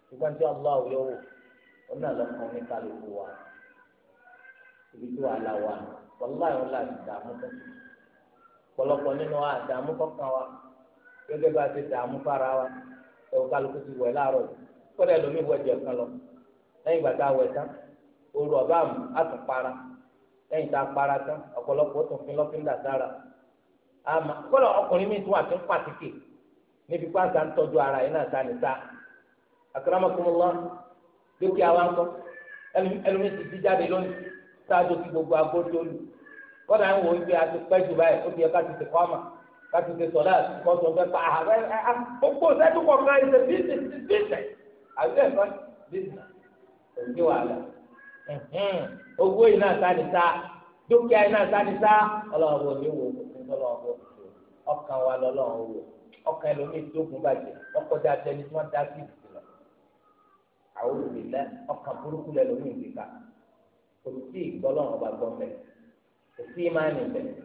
ṣùgbọ́n tí gẹ́gẹ́ bá a ti dààmú fara wa kálukú ti wẹ̀ láàárọ̀ kọ́dà ẹlòmíì wọ ẹ̀jẹ̀ kan lọ lẹ́yìn ìgbà tá a wẹ̀ tán oru ọ̀bá àmú á tún para lẹ́yìn tá a para tán ọkụrụ tún fi lọ́fíńdà sára àmà ọkùnrin ara yìí náà ta dúkìá wa ń ti di jáde lónìí sáájú gbogbo káti ṣe sọ̀lá kọ́ sọ fẹ́ pa àhàbẹ́ gbogbo sẹ́tù kọ̀ọ̀kan ṣe bíṣẹ̀ bíṣẹ̀ àbí ẹ̀fọ́ bíṣẹ̀ òkè wàhálà owó iná sáni sá dúkìá iná sáni sá ọlọ́run bò ní wò ọlọ́run bò ọkàn wa lọ́lọ́run wò ọkàn ẹlòmíì tó gùn bàjẹ́ ọkọjá tẹni tí wọ́n dá sí ìdìbò lọ àwọn olùdílé ọkàn burúkú lẹ́lòmíì gbé ká kò sí ìgbọ́lọ́run ọba gbọ́ mẹ́ kò sí ìmáàmì bẹ́ẹ̀.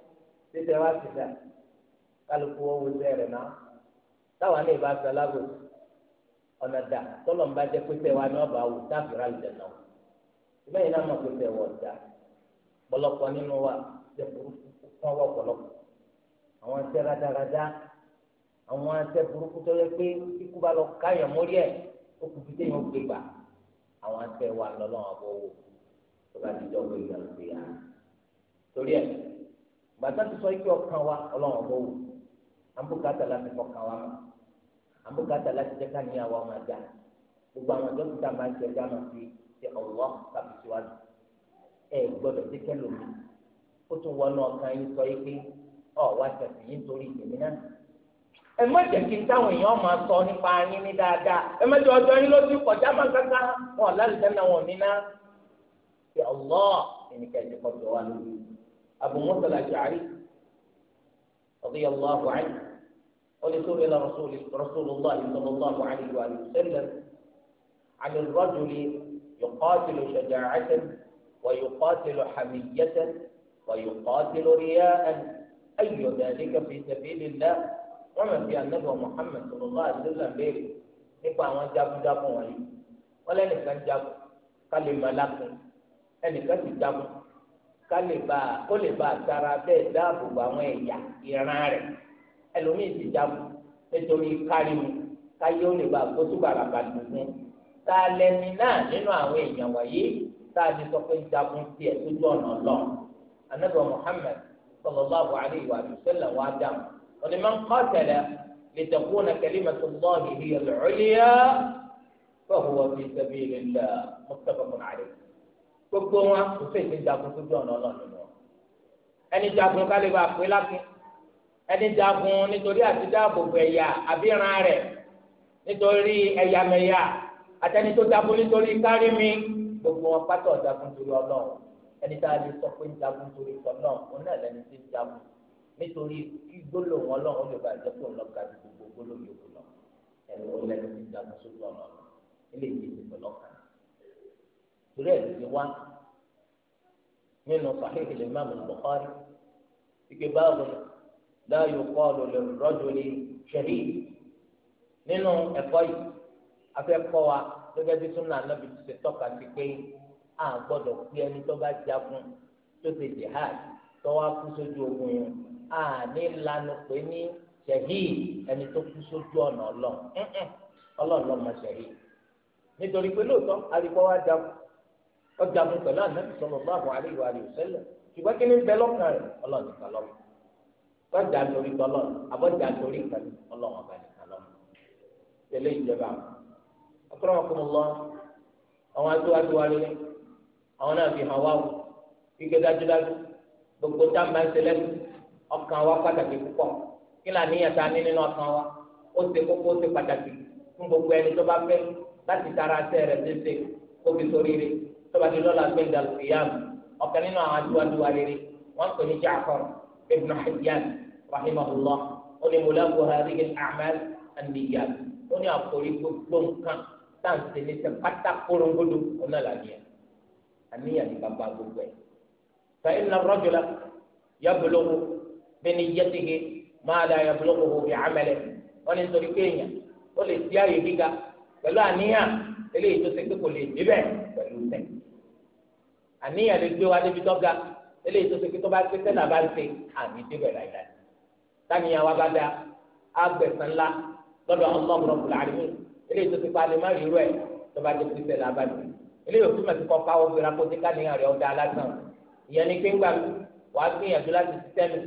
títẹ wá sí dà kálukú wọn wọlé rẹ náà táwọn lè bá sọ alábòsí ọ̀nà dà tọ́lọ̀ ń bá jẹ́ pé tẹ̀ wá ní ọba wò táfìrà lè nà ó ìbẹ́yìn náà mọ̀ pé tẹ̀ wọ̀ dà pọ̀lọpọ̀ nínú wa jẹ́ burúkú fún ọwọ́ pọ̀lọpọ̀ àwọn ẹsẹ̀ rádaràdá àwọn ẹsẹ̀ burúkú tó yẹ pé ikú bá lọ káyọ̀ mórí ẹ̀ ó kù fi téèyàn gbé gbà àwọn ẹsẹ̀ wa lọ́lọ́wọ́ wò tó bá ti jọ́ pé ìgbà ló ti yà torí ẹ̀ gbàtà ti sọ ike ọkàn wa ọlọ́run ọ̀bọ̀ wò àbúkátà láti fọkàn wa àbúkátà láti jẹ́ káníyà wa máa dà gbogbo àwọn dókítà máa ń jẹjá máa fi ṣe ọ̀wọ́ tàbí síwájú ẹ gbọ́dọ̀ tí kẹ́lò mi ó tún wọnú ọkàn yín sọ ike ọ̀ wá tẹ̀sí yín torí ìdèmí náà ẹ má jẹ́ kí n táwọn èèyàn máa sọ nípa yín ní dáadáa ẹ má jẹ́ ọjọ́ yín lójú kọjá máa kankan wọn lálùjẹ́ náà wọn ní ná ṣe ọ̀wọ́ ẹnìkẹ́ kọjọ wa lórí yìí. أبو موسى الأشعري رضي الله عنه ولسئل رسول رسول الله صلى الله عليه وآله وسلم عن الرجل يقاتل شجاعة ويقاتل حمية ويقاتل رياء أي ذلك في سبيل الله ومن في النبوة محمد صلى الله عليه وسلم بيري nípa àwọn jagunjagun wọ̀nyí wọn lẹnìkan jagun kálí malakun ẹnìkan sì jagun kálíbà kó lè bá àtàrà bẹ́ẹ̀ dáàbò bò àwọn ẹ̀yà ìran rẹ̀ ẹlòmíì ti jábù nítorí kárímu káyé ó lè bá gbósùbàrà bàtù fún ta lẹni náà nínú àwọn èèyàn wọ̀nyí tá a ti sọ pé jagun tiẹ̀ lójú ọ̀nà lọ anabi muhammed sallallahu alayhi wa sallam wa dam wọn man qatala litakuna kalimatu allahi hiya al-ulya fahuwa fi sabilillah muttafaqun alayhi gbogbo wọn kò sí èdè jagun sójú ọ̀nà ọ̀nà nínú wọn ẹni jagun ká lè bá pé lápín ẹni jagun nítorí àti dáàbòbò ẹ̀yà àbíran rẹ̀ nítorí ẹ̀yàmẹ̀yà àtẹni tó jagun nítorí kárí mi gbogbo wọn pátọ̀ jagun torí ọlọ́run ẹni tá a lè sọ pé jagun torí ọlọ́run òun lẹni tí jagun nítorí kí gbólóhùn ọlọ́run lè bàjẹ́ kó lọ ga gbogbo gbólóhùn yòókù lọ ẹ̀rọ lẹni tí jagun sójú ọ̀nà ilé ìgbésẹ̀ torí ẹ̀ ló ti wá nínú Sahih al-Imam al-Bukhari ike báwo la yuqalu lir-rajuli shahid nínú ẹ̀kọ́ yìí afẹ́kọ́ wa gẹ́gẹ́ bí súnà anábì ti ṣe tọ́ka sí pé a gbọ́dọ̀ pé ẹni tó bá jagun tó ṣe jihad tó wá kú sójú ogun yẹn a ní lanu pé ní shahid ẹni tó kú sójú ọ̀nà ọlọ́ọ̀ ọlọ́ọ̀ lọ́mọ nítorí pé lóòótọ́ àdìpọ̀ wa jagun ọjà mi pẹ̀lú ànábì sallallahu alaihi wa sallam ṣùgbọ́n kí ni bẹ lọ́kàn rẹ̀ ọlọ́run nìkan lọ́mọ gbọ́dà torí tọ́lọ́ àbọ̀dà torí kan ọlọ́run ọba nìkan lọ́mọ tẹ̀lé ìjọba akramakumullah àwọn adúwájú wa lórí àwọn náà fi hàn wá o ike dájúdájú gbogbo táǹbà ń ṣẹlẹ̀ ọkàn wa pàtàkì púpọ̀ kí là níyàn ta ní nínú ọkàn wa ó ṣe kókó ó ṣe pàtàkì fún gbogbo ẹni tó bá fẹ́ láti tara ṣẹ́ rẹ̀ ṣe ṣe kó fi sórí rẹ̀ tọ́ba ti lọ́la gbẹ̀dà lùkìyàm ọ̀kan nínú àwọn adúwàdúwà rere wọ́n ń pè ní jaafar ibn hajjan rahimahullah ó ní mulaku hadhihi al-a'mal an-niyyat ó ní àkórí gbogbo nǹkan táǹsì ní sẹ pátá korongodo ọ̀nà làníyà àníyàn ní bàbá gbogbo ẹ̀ fa inna ar-rajula yablughu bi niyyatihi ma la wò bi amẹlẹ wọ́n ní nítorí kéèyàn ó lè di àyè gíga pẹ̀lú àníyàn eléyìí tó ṣe pé kò lè débẹ̀ pẹ̀lú sẹ́yìn. àníyàn lè gbé wa débi tọ́ga eléyìí tó ṣe pé tó bá ṣe sẹ́nà bá ń ṣe àmì débẹ̀ láìláì táníyàn wa bá dá agbẹ̀sán ńlá lọ́dọ̀ àwọn ọmọ ọmọ ọmọ àdìmú eléyìí tó ṣe pé alẹ́ má rí irú ẹ̀ tó bá ṣe pé sẹ́nà bá ṣe eléyìí òtún mẹ́tì kọ́ káwọ́ gbéra kó tí káníyàn rẹ̀ ọ̀dà alásán ìyẹn ni pé ńgbà wàá gbìyànjú láti ṣiṣẹ́ mi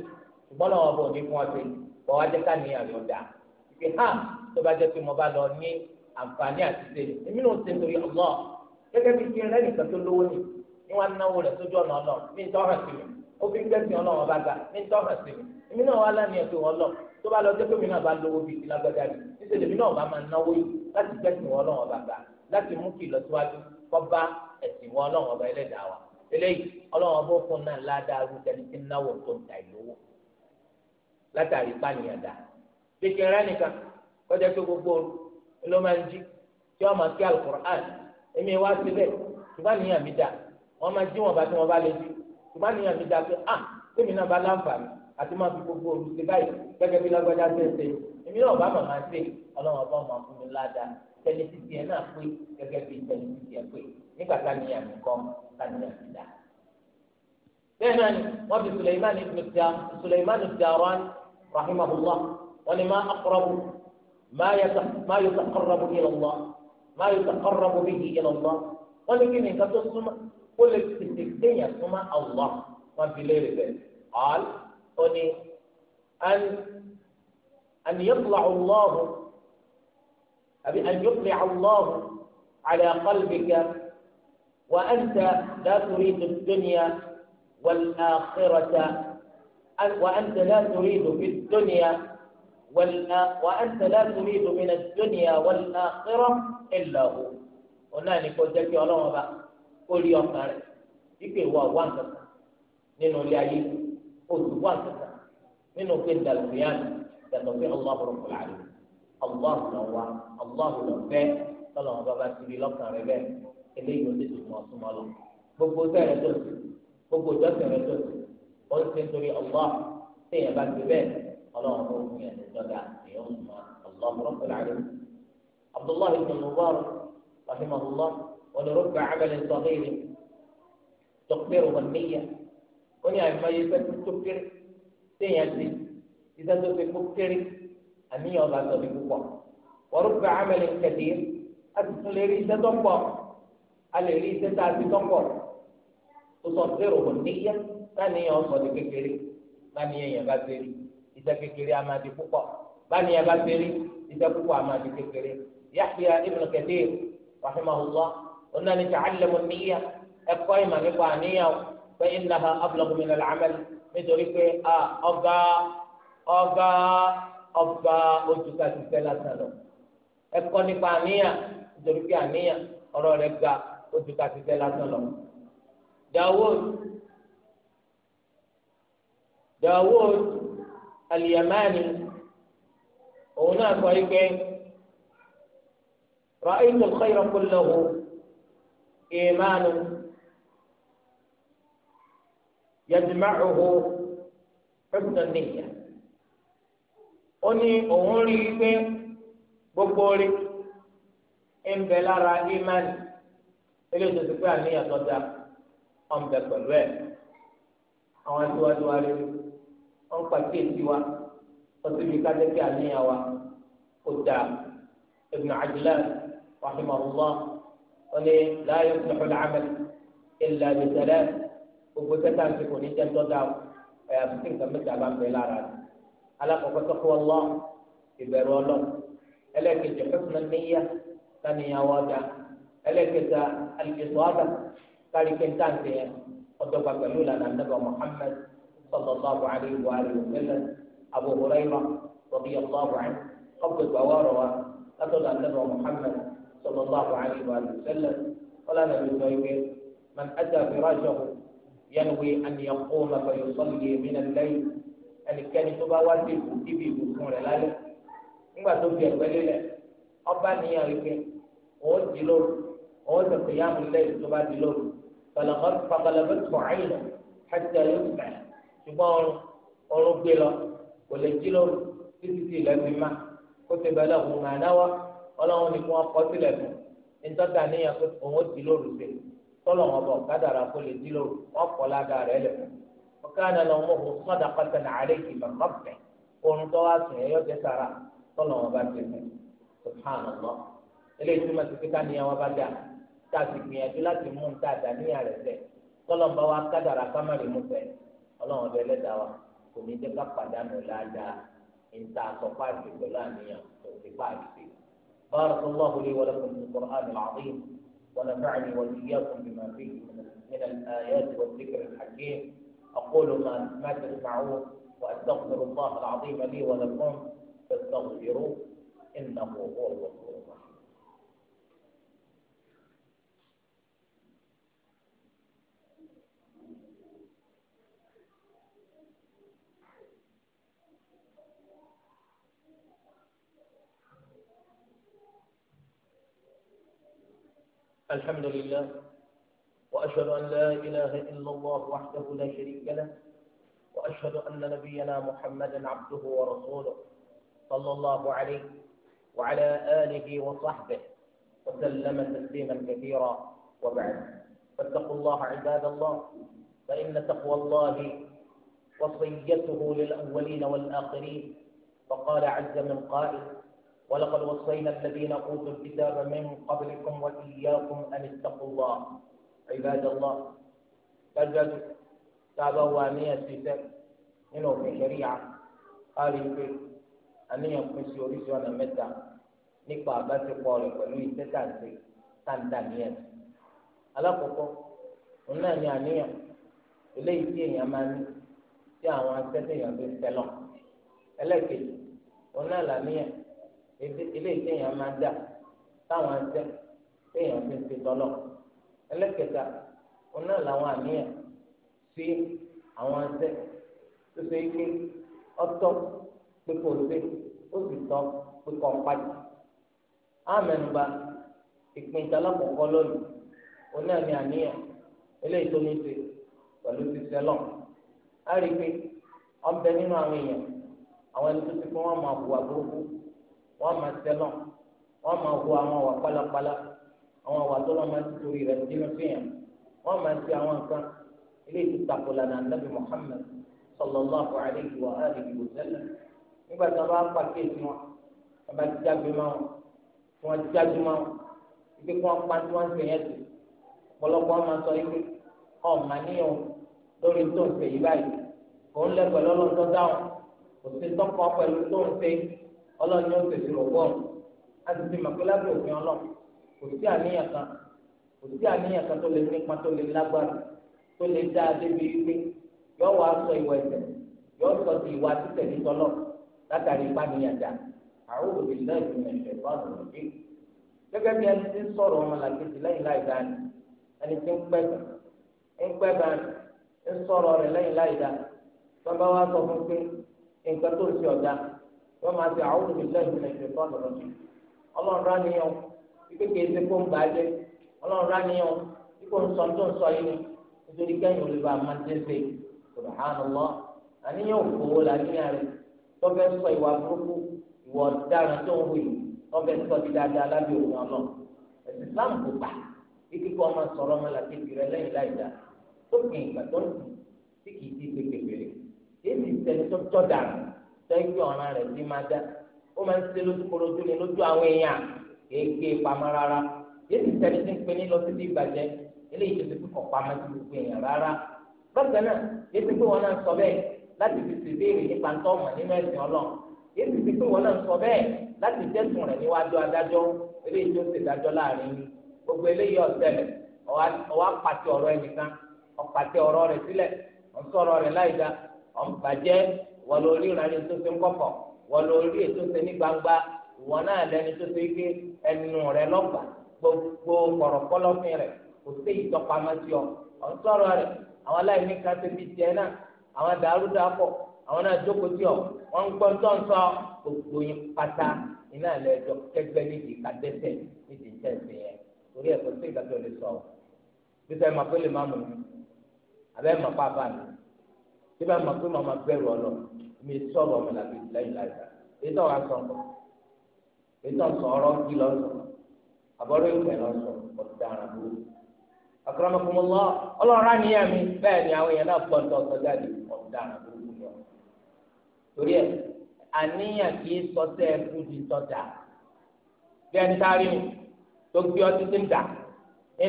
ṣùgbọ́n náà ọ̀bọ̀ wá jẹ́ káníyàn tó bá jẹ́ pé náà ṣe torí ọlọ́ọ̀ ní wọn náwó rẹ̀ sójú ọ̀nà ọlọ́ mi ń tọ́hàn sí mi ó fi ń gbẹ́sì ọlọ́run ọba ga mi ń tọ́hàn sí mi èmi náà wá lánìí ẹ̀sìn wọn lọ tó bá lọ dé pé mi náà bá lówó bíi ti lágbájá mi níṣẹ́ lèmi náà bá máa náwó yìí láti gbẹ́sì wọn ọlọ́run ọba ga láti mú kí ìlọsíwájú kọ́ bá ẹ̀sìn wọn ọlọ́run ọba ẹlẹ́dàá wa eléyìí ọlọ́run ọba fún náà ládàá rúdẹ́ni tí náwó tó ń ta ìlówó látàrí pànìyàn dà wọ́n máa jí wọn bá tí wọ́n bá lè jí ṣùgbọ́n níyàn mi dá pé ah tèmi náà bá láǹfààní àti máa fi gbogbo òru ṣe báyìí gẹ́gẹ́ bí lágbájá ṣe ṣe èmi náà bá màmá ṣe ọlọ́run ọba máa fún mi ládàá tẹni títí ẹ náà pé gẹ́gẹ́ bí tẹni títí ẹ pé nígbà táníyàn mi kọ́ táníyàn mi dá. bẹ́ẹ̀ náà ni wọ́n fi Suleiman ibn Suleiman Dàrán rahimahullah wọ́n kó lè tètè téèyàn súnmọ́ Allah wọn fi léèrè bẹ́ẹ̀ ọ̀l ó ní an yatla Allah àbí an yatla Allah ala qalbika wa anta la turidu ad-dunya wal-akhirata وأنت لا تريد في الدنيا وأنت لا تريد من الدنيا والآخرة إلا هو هنا نقول لك يا الله ó rí ọkàn rẹ̀ wípé ìwà wà nǹkan nínú ilé ayé oṣù wà nǹkan nínú pé dàlùmíyàn yàtọ̀ pé ọlọ́run rọ̀ kọ̀lá rẹ̀ ọlọ́run lọ wá ọlọ́run lọ fẹ́ tọ́lọ́run bàbá ti rí lọ́kàn rẹ̀ bẹ́ẹ̀ eléyìí ó ti tún mọ́ súnmọ́ lọ gbogbo sẹ́rẹ̀ tó ti gbogbo ìjọsìn rẹ̀ tó ti ó ń ṣe nítorí ọlọ́run bá ti bẹ́ẹ̀ ọlọ́run ló ń yẹn lọ́dà èèyàn ń mọ ọlọ́run rọ̀ Abdullahi ibn Mubarak rahimahullah ولرب عمل صغير تقبره النية وني أما يسكت تكبر تيجي إذا تكبر النية الله تبقى ورب عمل كثير أتلري تتقبر ألري تتقبر تصبره النية ثانية أصدق كثير ثانية يبادر إذا كثير أما تبقى ثانية يبادر إذا كثير ما تبقى يحيى ابن كثير رحمه الله قلنا نتعلم النية القائمة نقع نية فإنها أبلغ من العمل نترك أبا أبا أبا أجوك تسلسل لو ẹ̀kọ́ nípa àníyàn nítorí pé àníyàn ọ̀rọ̀ rẹ̀ ga ojú ká ti tẹ lásán lọ. Dawud Dawud Al-Yamani òun náà sọ yìí pé ra'aytu al-khayra kullahu. إيمان يجمعه حسن النية ó ní òun rí i pé gbogbo rí ń bẹ lára ìmánì eléyìí tó ti pé àníyàn tó da ọ̀n bẹ pẹ̀lú ẹ̀ àwọn aṣíwájú wa rí wọ́n pàkíyèsí wa wọ́n ní láàyè ìfúnnáfẹ́ làámẹ́lì ìlà ìbẹ̀tẹ̀lẹ̀ gbogbo tẹ́tà ń sèkò ní jẹ́ńtọ́ dá o ẹ̀yà fúnkì nǹkan mẹ́ta bá ń bẹ lára rẹ̀ alákọ̀ọ́kọ́ tọ́kọ ọlọ́ ìbẹ̀rù ọlọ́ ẹlẹ́kẹ̀jọ fẹ́fúnná níyà sàníyàwó ọjà ẹlẹ́kẹta alìkẹtọ́ ọjà kárí kẹta ń tẹ̀yẹ ọjọ́ pàpẹ́lú lànà nàbà Muhammad sallallahu alayhi wa صلى الله عليه وآله وسلم قال النبي صلى من أتى فراشه ينوي أن يقوم فيصلي من الليل أن كان تباوات تبي بكون لالك نبا تبي الوليلة أبا نيارك أود جلور أود قيام الليل تبا جلور فلغت فغلبته عينه حتى يسمع شبار أربي له ولجلور تسيسي كتب له ما نوى ọlọ́run ni kí wọ́n kọ́ sílẹ̀ fún nítorí àníyàn pé òun ó di lóru sí tọ́lọ̀ wọn bọ̀ kádàrà kó lè di lóru wọ́n kọ́ ládàá rẹ̀ lẹ̀ fún ọ̀kadà lọ́wọ́ mọ̀ fún sọ́dà pàtàkì àárẹ̀ ìgbà mọ́fẹ́ oorun tó wá sùn ẹ̀yọ́ jẹ́ sára tọ́lọ̀ wọn bá ti fún subhanallah eléyìí tó máa ti fi káníyàn wọn bá dà tá a sì gbìyànjú láti mú un tá a rẹ̀ sẹ́ tọ́lọ̀ bá wa kádàrà بارك الله لي ولكم في القرآن العظيم ونفعني وإياكم بما فيه من الآيات والذكر الحكيم أقول ما ما تسمعون وأستغفر الله العظيم لي ولكم فاستغفروه إنه هو الغفور الحمد لله وأشهد أن لا إله إلا الله وحده لا شريك له وأشهد أن نبينا محمدا عبده ورسوله صلى الله عليه وعلى آله وصحبه وسلم تسليما كثيرا وبعد فاتقوا الله عباد الله فإن تقوى الله وصيته للأولين والآخرين فقال عز من قائل ولقد وصينا الذين اوتوا الكتاب من قبلكم واياكم ان اتقوا الله عباد الله فجد تابوا نية ستة منه في شريعة قال يقول أن يكون سيوريس وانا متى نقبع بس قولي قولي تتانسي تانتانية على قوة قلنا نيانية إليه تيه يماني tí àwọn asẹ́tẹ̀ yàn fi sẹ́lọ̀ ẹlẹ́kejì òun náà là níyàn eléyìí téèyàn máa dà táwọn ẹsẹ téèyàn fi ń ṣe tọ́lọ̀ ẹlẹ́kẹta òun náà làwọn àníyàn sí àwọn ẹsẹ tó ṣe é pé ọtọ́ pé kò ṣe ó sì tọ́ pé kò pàjì àmẹnuba ìpín ìtàlákọ̀ọ́kọ́ lónìí òun náà ní àníyàn eléyìí tó ní ṣe pẹ̀lú ti sẹ́lọ̀ á rí i pé ọbẹ̀ nínú àwọn èèyàn àwọn ẹni tó ti fún wọn máa hùwà burúkú wọ́n máa sẹ́lọ̀ wọ́n máa hu àwọn àwà pálapàla àwọn àwà tó lọ́ọ́ máa ti torí rẹ̀ sínú fìyàn wọ́n máa ti àwọn nǹkan ilé ìtàkùn lànà nàbì Muhammad sallallahu alayhi wa alihi wa sallam nígbà tí wọ́n bá pàkíyèsí wọn wọ́n bá ti jágbe máa wọn tí wọ́n ti jágbe máa wọn ibi kí wọ́n pa tí wọ́n ń fẹ̀ yẹn sí ọ̀pọ̀lọpọ̀ wọn máa sọ ibi ọ̀ma níyàn lórí tó ń fẹ̀ yí báyìí òun lẹ́gbẹ̀ẹ́ lọ́lọ́dọ́ dáhùn òsè tọ́kọ̀ pẹ̀lú tó ń fẹ̀ yìí ọlọ́run yóò tẹ̀sí rọ̀gbọ́n láti fi màkúlá bí òfin ọlọ́run kò sí àníyàn kan kò sí àníyàn kan tó lè nípa tó lè lágbára tó lè dá débi wípé yọ wá sọ ìwà ẹ̀ṣẹ̀ yọ sọ ti ìwà títẹ̀ nítọ́lọ́ látàrí ìpànìyàn dà àwọn òbí náà ti mẹ̀ ẹ̀fọ́ àtọ̀rọ̀ dé gẹ́gẹ́ bí ẹni tí ń sọ̀rọ̀ ọmọ làkejì lẹ́yìn láì dá ni ẹni tí ń pẹ́ tán ń pẹ́ bá ń sọ̀rọ̀ rẹ̀ lẹ́yìn láì dá bàbá wa sọ fún pé nǹkan tó ń ṣe ọ̀dà wọ́n máa ti àwọn olùdílé ìpínlẹ̀ ìpínlẹ̀ tọ́nù rẹ̀ ọlọ́run rá níyàn wípé kìí ṣe kó ń bàjẹ́ ọlọ́run rá níyàn wípé ń sọ tó ń sọ yìí nítorí kẹ́yìn olùbá máa ń tẹ́sẹ̀ subhanallah àníyàn òkòwò làníyàn rẹ̀ tọ́fẹ́ sọ ìwà burúkú ìwà ọ̀daràn tó ń wù yìí tọ́fẹ́ sọ ti dáadáa lábẹ́ òun ọlọ́ ẹ̀sìn Islam kò gbà kíkọ́ ọmọ sọ̀rọ̀ ọmọ làkejì rẹ̀ lẹ́yìn láì dáa tó kìn ìgbà tó ń sìn tí kìí sẹ́yìn ọ̀ràn rẹ̀ bí máa dá ó máa ń ṣe lójú ni lójú àwọn èèyàn kéèké pamọ́ rárá yéé ti tí ń pinni lọ sí ti ìbàjẹ́ eléyìí tó ti fi pamọ́ sí gbogbo èèyàn rárá bákan náà yéé pé wọn náà sọ bẹ́ẹ̀ láti fi ti pé náà sọ bẹ́ẹ̀ láti rẹ̀ níwájú adájọ́ eléyìí tó wọ́n lọ rí ìrànlẹ́ tó ṣe ń kọ̀kọ̀ wọ́n lọ rí ètò ṣe ní gbangba wọ́n náà lẹ́ni tó ṣe pé ẹnu rẹ̀ lọ́gbà gbogbo kọ̀rọ̀kọ́lọ́ fi rẹ̀ kò sí ìtọ́pamọ́ sí ọ ọ̀ ń sọ̀rọ̀ rẹ̀ àwọn aláìní kan ṣe bíi tiẹ̀ náà àwọn dàrúdàpọ̀ àwọn náà jókòó sí ọ wọ́n ń gbọ́ tọ́ǹtọ́ gbogbo yín pátá iná lẹ́jọ́ kẹgbẹ́ níbi kàdẹ́sẹ̀ níbi tẹ̀sẹ̀ yẹn torí ẹ̀kọ́ síbẹ̀ mọ̀ pé màmá bẹ̀rù ọ lọ mi sọ̀rọ̀ mi làbí lẹ́yìn láìka ètò wa sọ̀ ètò sọ̀rọ̀ kí lọ sọ̀ àbọ̀rọ̀ ìpè lọ sọ̀ ọ̀daràn bò àkàràmọ̀kùnmọ̀lá ọlọ́ọ̀rá nìyẹn mi bẹ́ẹ̀ ni àwọn èèyàn náà pọ̀ tó ọ̀sọ̀ jáde ọ̀daràn bò lọ. torí ẹ àníyàn kì í sọtẹ́ ẹkú di sọ̀dà bí ẹni tá a rí mi tó gbé ọtí ti ń dà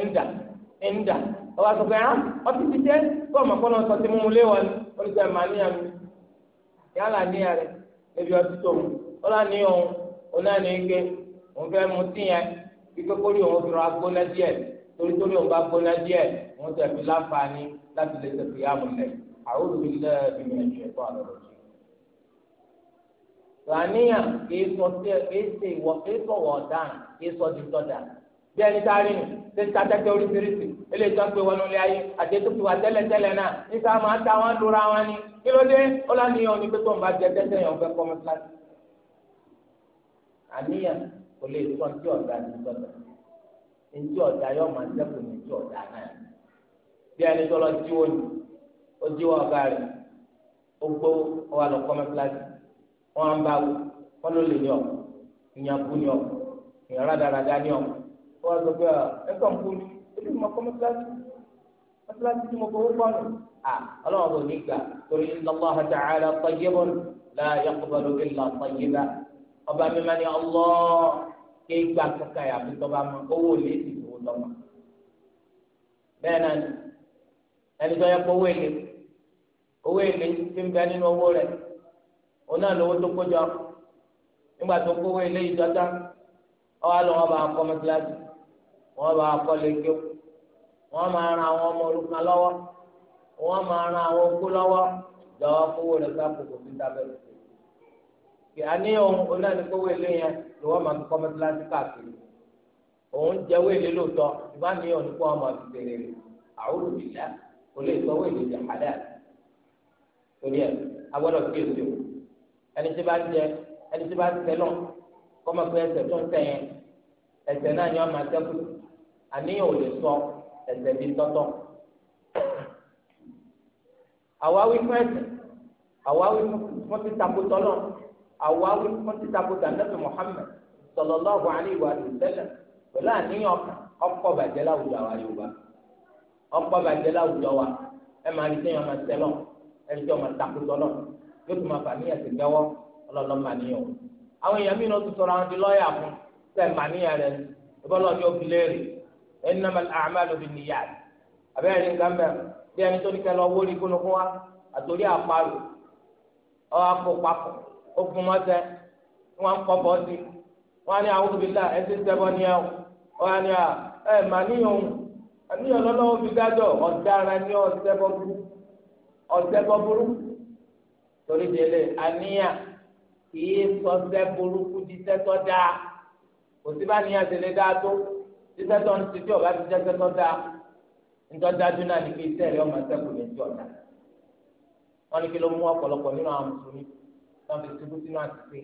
ń dà ń dà ọba sọ pé ọtí ti jẹ́ kó ọmọkùnrin sọ ti mú mu lé wọn oníṣẹ́ ìmàníyàn mi yálà níyà rẹ̀ ebi ọtí tó o ó lá ní òun òun náà ní ike òun fẹ́ mu tí yẹn ike kórè òun fi ra gbóná díẹ̀ torí torí òun bá gbóná díẹ̀ òun tẹ̀bi láǹfààní láti lè tẹ̀bi yàmù lẹ̀ àwọn olùdílé ẹbí mi ẹ̀jẹ̀ tó àlọ́ lọ́jọ́. ràníyàn kì í sọ sí ẹ kì í sọ ìwọ kì í sọ wọ̀ bí ẹni tá a rí nù ṣe ń ta tẹ́tẹ́ oríṣiríṣi eléyìí tó ń gbé wọnú ilé ayé àdéhùn ti wà tẹ́lẹ̀tẹ́lẹ̀ náà níta máa ń ta wọn lura wọn ni kí ló dé ó lánìyàn ò ní pé tó ń bá jẹ tẹ́tẹ́ yẹn ò fẹ́ kọ́mọ kíláàsì. àníyàn kò lè sọ tí ọ̀dà ti sọ̀tọ̀ ntí ọ̀dà yóò máa sẹ́kù ní ntí ọ̀dà náà bí ẹni tó lọ jíwó ni ó jíwó ọ̀gá rẹ̀ ó gbó wà lọ kọ́mọ kíláàsì wọn bá wọn ló lè ní ọ̀ wọ́n á sọ pé ah, ẹ kàn kú ni ebi mo kọ́ mọ́tíláṣí mọ́tíláṣí tí mo kọ́ wọ́pọ̀ nù. à ọlọ́run kò ní gbà torí Allahu ta'ala tayyibun la yaqbalu illa tayyiba ọba mi máa ní ọlọ́ ké gbà kankan yà fi tọ́ba mọ́ owó lè ti owó tọ́ba. bẹ́ẹ̀ náà ẹni tó yẹ kó owó èlé owó èlé ti ń bẹ nínú owó rẹ̀ òun náà lówó tó kójọ nígbà tó kówó èlé ìjọta ọ wọ́n bá kọ́lé kí wọ́n máa ran àwọn ọmọ olùkọ́ lọ́wọ́ wọ́n máa ran àwọn okú lọ́wọ́ lọ́wọ́ fowó rẹ̀ sáfù kò sí sábẹ́ rẹ̀ kì á ní ohun onáníkówó ilé yẹn ni wọ́n máa fi kọ́ mẹ́tíláṣí káàkiri òun jẹ́wọ́ èlé lóòótọ́ ìbá ní ọ̀nì kó àwọn àti tẹ̀lé rẹ̀ àwòrán ìlà kò lè sọ wọ́n èlé jẹ àdá torí ẹ̀ agbọ́dọ̀ kí èsì o ẹni tí bá jẹ ẹni tí bá tẹ lọ kọ́mọ pé ẹsẹ̀ tó ń tẹ̀ yẹn ẹsẹ̀ náà ni wọ́n máa tẹ́kù àníyàn ò lè sọ ẹsẹ̀ bíi tọ́tọ́. àwa wí fún ẹsẹ̀ àwa wí fún títakò tọ́lọ̀ àwa wí fún títakò dànẹ́bì Muhammad sallallahu alaihi wa sallam pẹ̀lú àníyàn ọkàn ọ̀pọ̀ bàjẹ́ láwùjọ àwa Yorùbá ọ̀pọ̀ bàjẹ́ láwùjọ wa ẹ máa rí sẹ́yìn ọmọ sẹ́lọ̀ ẹ rí sẹ́yìn ọmọ takò tọ́lọ̀ yóò tún máa fà níyàn sí gbẹ́wọ́ ọlọ́lọ́ máa níyàn àwọn èèyàn mìíràn tún sọ̀rọ̀ àwọn di lọ́ọ̀yà fún sẹ́ẹ̀ máa níyàn rẹ̀ ìbọ́lọ́ọ̀dì ó fi innama al-a'malu bin-niyyat abẹ́rẹ́ ní nǹkan bẹ́ẹ̀ bí ẹni tó ní kẹ́ lọ wó ní kúnnú fún wa àtòrí àparò ọ akó papọ̀ ó fún wọn sẹ wọn kọ́ bọ́ sí wọn ní àwọn òbí là ẹsẹ̀ sẹ́bọ̀ ní ẹ̀wọ̀n wọn ní ẹ mà níyàn àníyàn lọ́lọ́wọ́ fi dájọ́ ọ̀daràn ní ọ̀sẹ̀bọ̀ burú ọ̀sẹ̀bọ̀ burú torí délé àníyàn kì í sọ sẹ́ burúkú di sẹ́tọ́ kò sí bá níyàn tẹ̀lé tó títẹ́ tó ń ti tí ọba ti jẹ́ tó dáa ńtọ́ dájú náà ní kí iṣẹ́ rẹ̀ ọmọ sẹ́kù lè ti ọ̀dà wọn ní kí ló mú ọ̀pọ̀lọpọ̀ nínú àwọn mùsùlùmí wọn fi ṣubú sínú àtìsí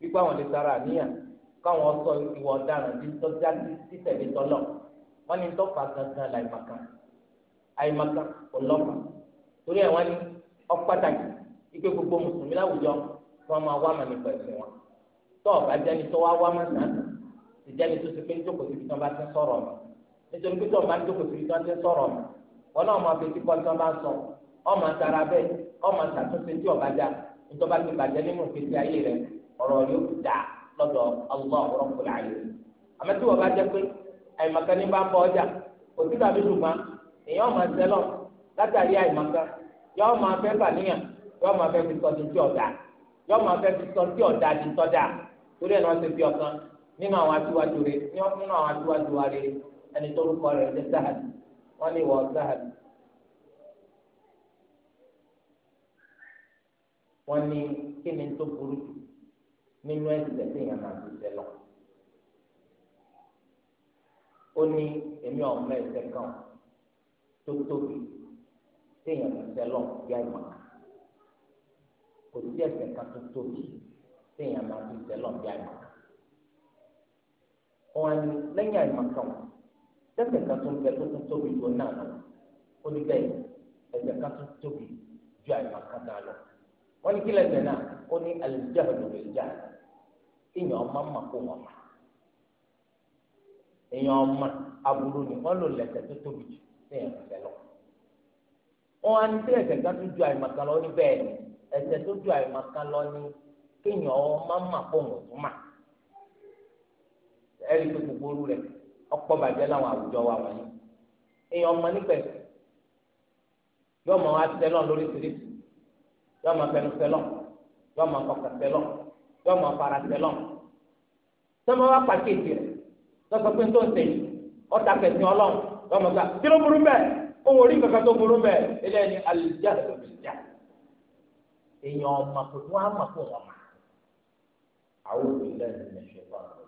wípé àwọn lè sara àníyàn káwọn sọ ìwọ ọ̀daràn tí tó já títẹ̀lé tọ́lọ̀ wọn ní tó fà gangan láìmàkà àìmàkà ọlọ́pàá torí ẹ̀ wọ́n ní ọ̀pátàkì wípé gbogbo mùsùlùmí láwùjọ wọn máa wá màmí pẹ̀lú wọn tó ọ̀bá jẹ́ni tó wá wá màmí àtàkì ìjẹ́ni tó ti pé ń jókòó síbi tí wọ́n bá ti sọ̀rọ̀ mi nítorí pé tí wọ́n bá ń jókòó síbi tí ti mi wọn náà máa kọ́ tí bá sọ ọmọ tara bẹ́ẹ̀ ọmọ ṣàtúnṣe tí ọba já nítorí bá ti bàjẹ́ nínú ìfèsì ayé rẹ ọ̀rọ̀ yóò dà lọ́dọ̀ ọ̀rọ̀ kò láàyè àmọ́ tí bá pé ní bá ń bọ ọjà nínú àwọn aṣíwájú rẹ nínú àwọn aṣíwájú wa rẹ ẹni tó rúkọ rẹ ní sahad wọn ní wọ sahad wọn ní kí ni tó burú jù nínú ẹsẹ tí èèyàn máa ti sẹ lọ ó ní èmi ọmọ ẹsẹ kan tó tóbi tí èèyàn ti sẹ lọ yá ìmọ̀ kò sí ẹsẹ kan tó tóbi tí èèyàn máa ti sẹ lọ yá ìmọ̀ wọn ni lẹ́yìn àìmọ̀kan tẹsẹ̀ kan tó ń bẹ tó tún tóbi tó náà lọ ó ní kan ju náà lọ wọn ní kí lẹsẹ̀ náà ó ní alìjáde lórí ìjáde èèyàn ọmọ mà kó wọn mà èèyàn ọmọ aburú ni wọn lò tó tóbi jù lọ wọn á ní kan tó ju lọ ó lọ ẹ̀rí pé gbogbo orú rẹ̀ ọ̀pọ̀ bàjẹ́ láwọn àwùjọ wa wọ̀nyí èèyàn ọmọ nípẹ̀ yóò máa wá sẹ́lọ̀ lórí tìrìtì yóò máa fẹnu sẹ́lọ̀ yóò máa kọkà sẹ́lọ̀ yóò máa fara sẹ́lọ̀ sọ́mọ́ wá pàkíyèsí rẹ̀ lọ́sọ̀ pé tó ń sèyí ọ̀tà kẹsì ọlọ́run yóò máa gbà kí ló burú bẹ́ẹ̀ òun ò rí kankan tó burú bẹ́ẹ̀ ilé ẹni alìjá ìjá èèyàn ọmọ kò tún á fún wọn àwọn òbí lẹ́nu ìṣẹ̀fọ́ àwọn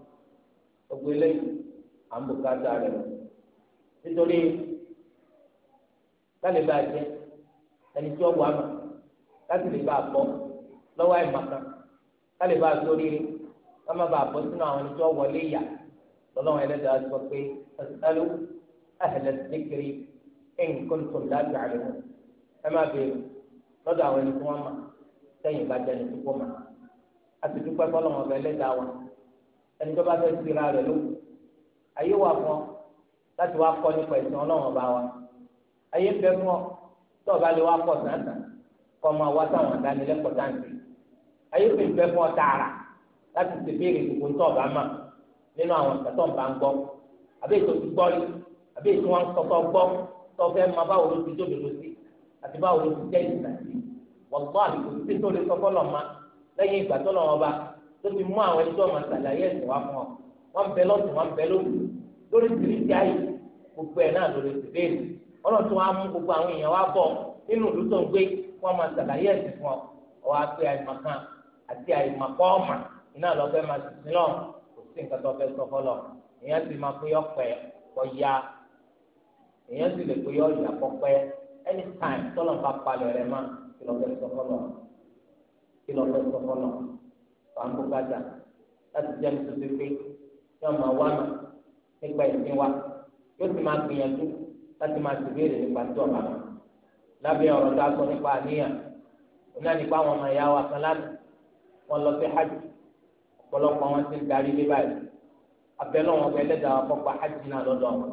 gbogbo eléyìí à ń bùkátà rẹ̀ nítorí kálí bá jẹ ẹni tí ọwọ́ àmà láti lè bá bọ́ lọ́wọ́ àìmọ̀ká kálí bá sórí kámá bá bọ́ sínú àwọn ẹni tí ọwọ́ lè yà lọ́lọ́wọ́ ẹlẹ́dàá sọ pé ẹ̀sítálù ahla dhikri in kuntum la ta'lamun ẹ má bèèrè lọ́dọ̀ àwọn ẹni tí wọ́n mọ̀ sẹ́yìn bá jẹ́ ẹni tí kò mọ̀ àti dúpẹ́ fọlọ́wọ́n ọba ẹlẹ́dàá wọn ẹni tó bá fẹ́ sira rẹ̀ ló ayé wà fún ọ láti wá kọ́ nípa ìsìn ọlọ́run ọba wa ayé ń bẹ fún ọ tó ọba lè wá pọ̀ sáńtà kọ́ ọmọ wa táwọn ìdánilẹ́kọ̀ọ́ táǹtì ayé ń bẹ fún ọ tààrà láti ṣe béèrè gbogbo ń tọ́ ọba mà nínú àwọn ìtàtọ̀ ń bá ń gbọ́ àbí ètò ti gbọ́ rí àbí ètò wọn kọ́kọ́ gbọ́ tó fẹ́ máa báwo ló ti dóbi lọ àti báwo ló ti jẹ́ ìgbà sí wọ́n gbọ́ àbí kò tó fi mú àwọn ẹni tó ọmọ sàlàyé ẹ̀sìn wá fún ọ wọn bẹ lọ́sùn wọn bẹ lóògùn lórí tìrìtì ayé gbogbo ẹ̀ náà lórí tìbéèrè ọlọ́run tó wá mú gbogbo àwọn èèyàn wá bọ̀ nínú ìlú tó ń gbé wọn máa sàlàyé ẹ̀sìn fún ọ ọwọ́ apẹ́ àìmọ̀kan àti àìmọ̀kọ́ ọ̀mà iná lọ́fẹ́ máa sì sí lọ kò sí nǹkan tó fẹ́ sọ fọlọ èèyàn sì máa pé ọ̀pẹ kọjá èèyàn sì lè pé ọ̀yà kọpẹ́ anytime tọ́lọ̀ bá palẹ̀ rẹ̀ máa kí lọ́fẹ́ sọ fọlọ kí lọ́fẹ́ sọ fọlọ fàǹkó kàtà láti jẹ́ nítorí pé yóò máa wá mà nípa ìsìn wa yóò sì máa gbìyànjú láti máa ṣèbéèrè nípa tó ọ̀bà mi. lábẹ́ ọ̀rọ̀ tá a sọ nípa àníyàn òun náà nípa àwọn ọmọ ìyá wa kan láti wọn lọ sí hajj ọ̀pọ̀lọpọ̀ wọn ti ń darí dé báyìí abẹ́lọ́wọ̀n ọba ẹlẹ́dàá wa kọ́kọ́ hajj náà lọ́dọ̀ wọn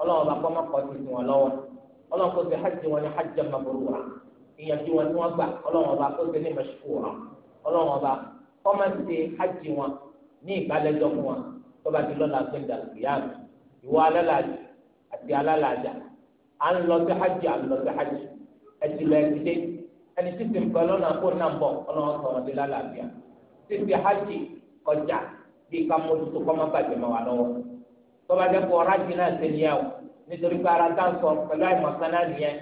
ọlọ́wọ́n bá kọ́mọ́ kọ́ ti sìn wọn lọ́wọ́ ọlọ́wọ́n kó ti hajj wọn ní kọ́má ṣe hajj wọn ní ìbálẹ́jọ́ fún wọn tọ́ba ti lọ́la gbẹ̀dà ìyáàmù ìwọ alálàájì àti alálàájà à ń lọ sí hajj à ń lọ sí hajj ẹtì lọ ẹtì dé ẹni títí ń pẹ́ lọ́nà kó nà ń bọ̀ ọlọ́run sọ̀rọ̀ dé lálàáfíà títí hajj kọjá bí ká mójútó kọ́má bàjẹ́ mọ́ wa lọ́wọ́ tọ́ba jẹ́ kó ọ̀rá jìnnà sẹ́niyàwó nítorí pé ara dáńsọ̀ pẹ̀lú àìmọ̀sánná nìyẹn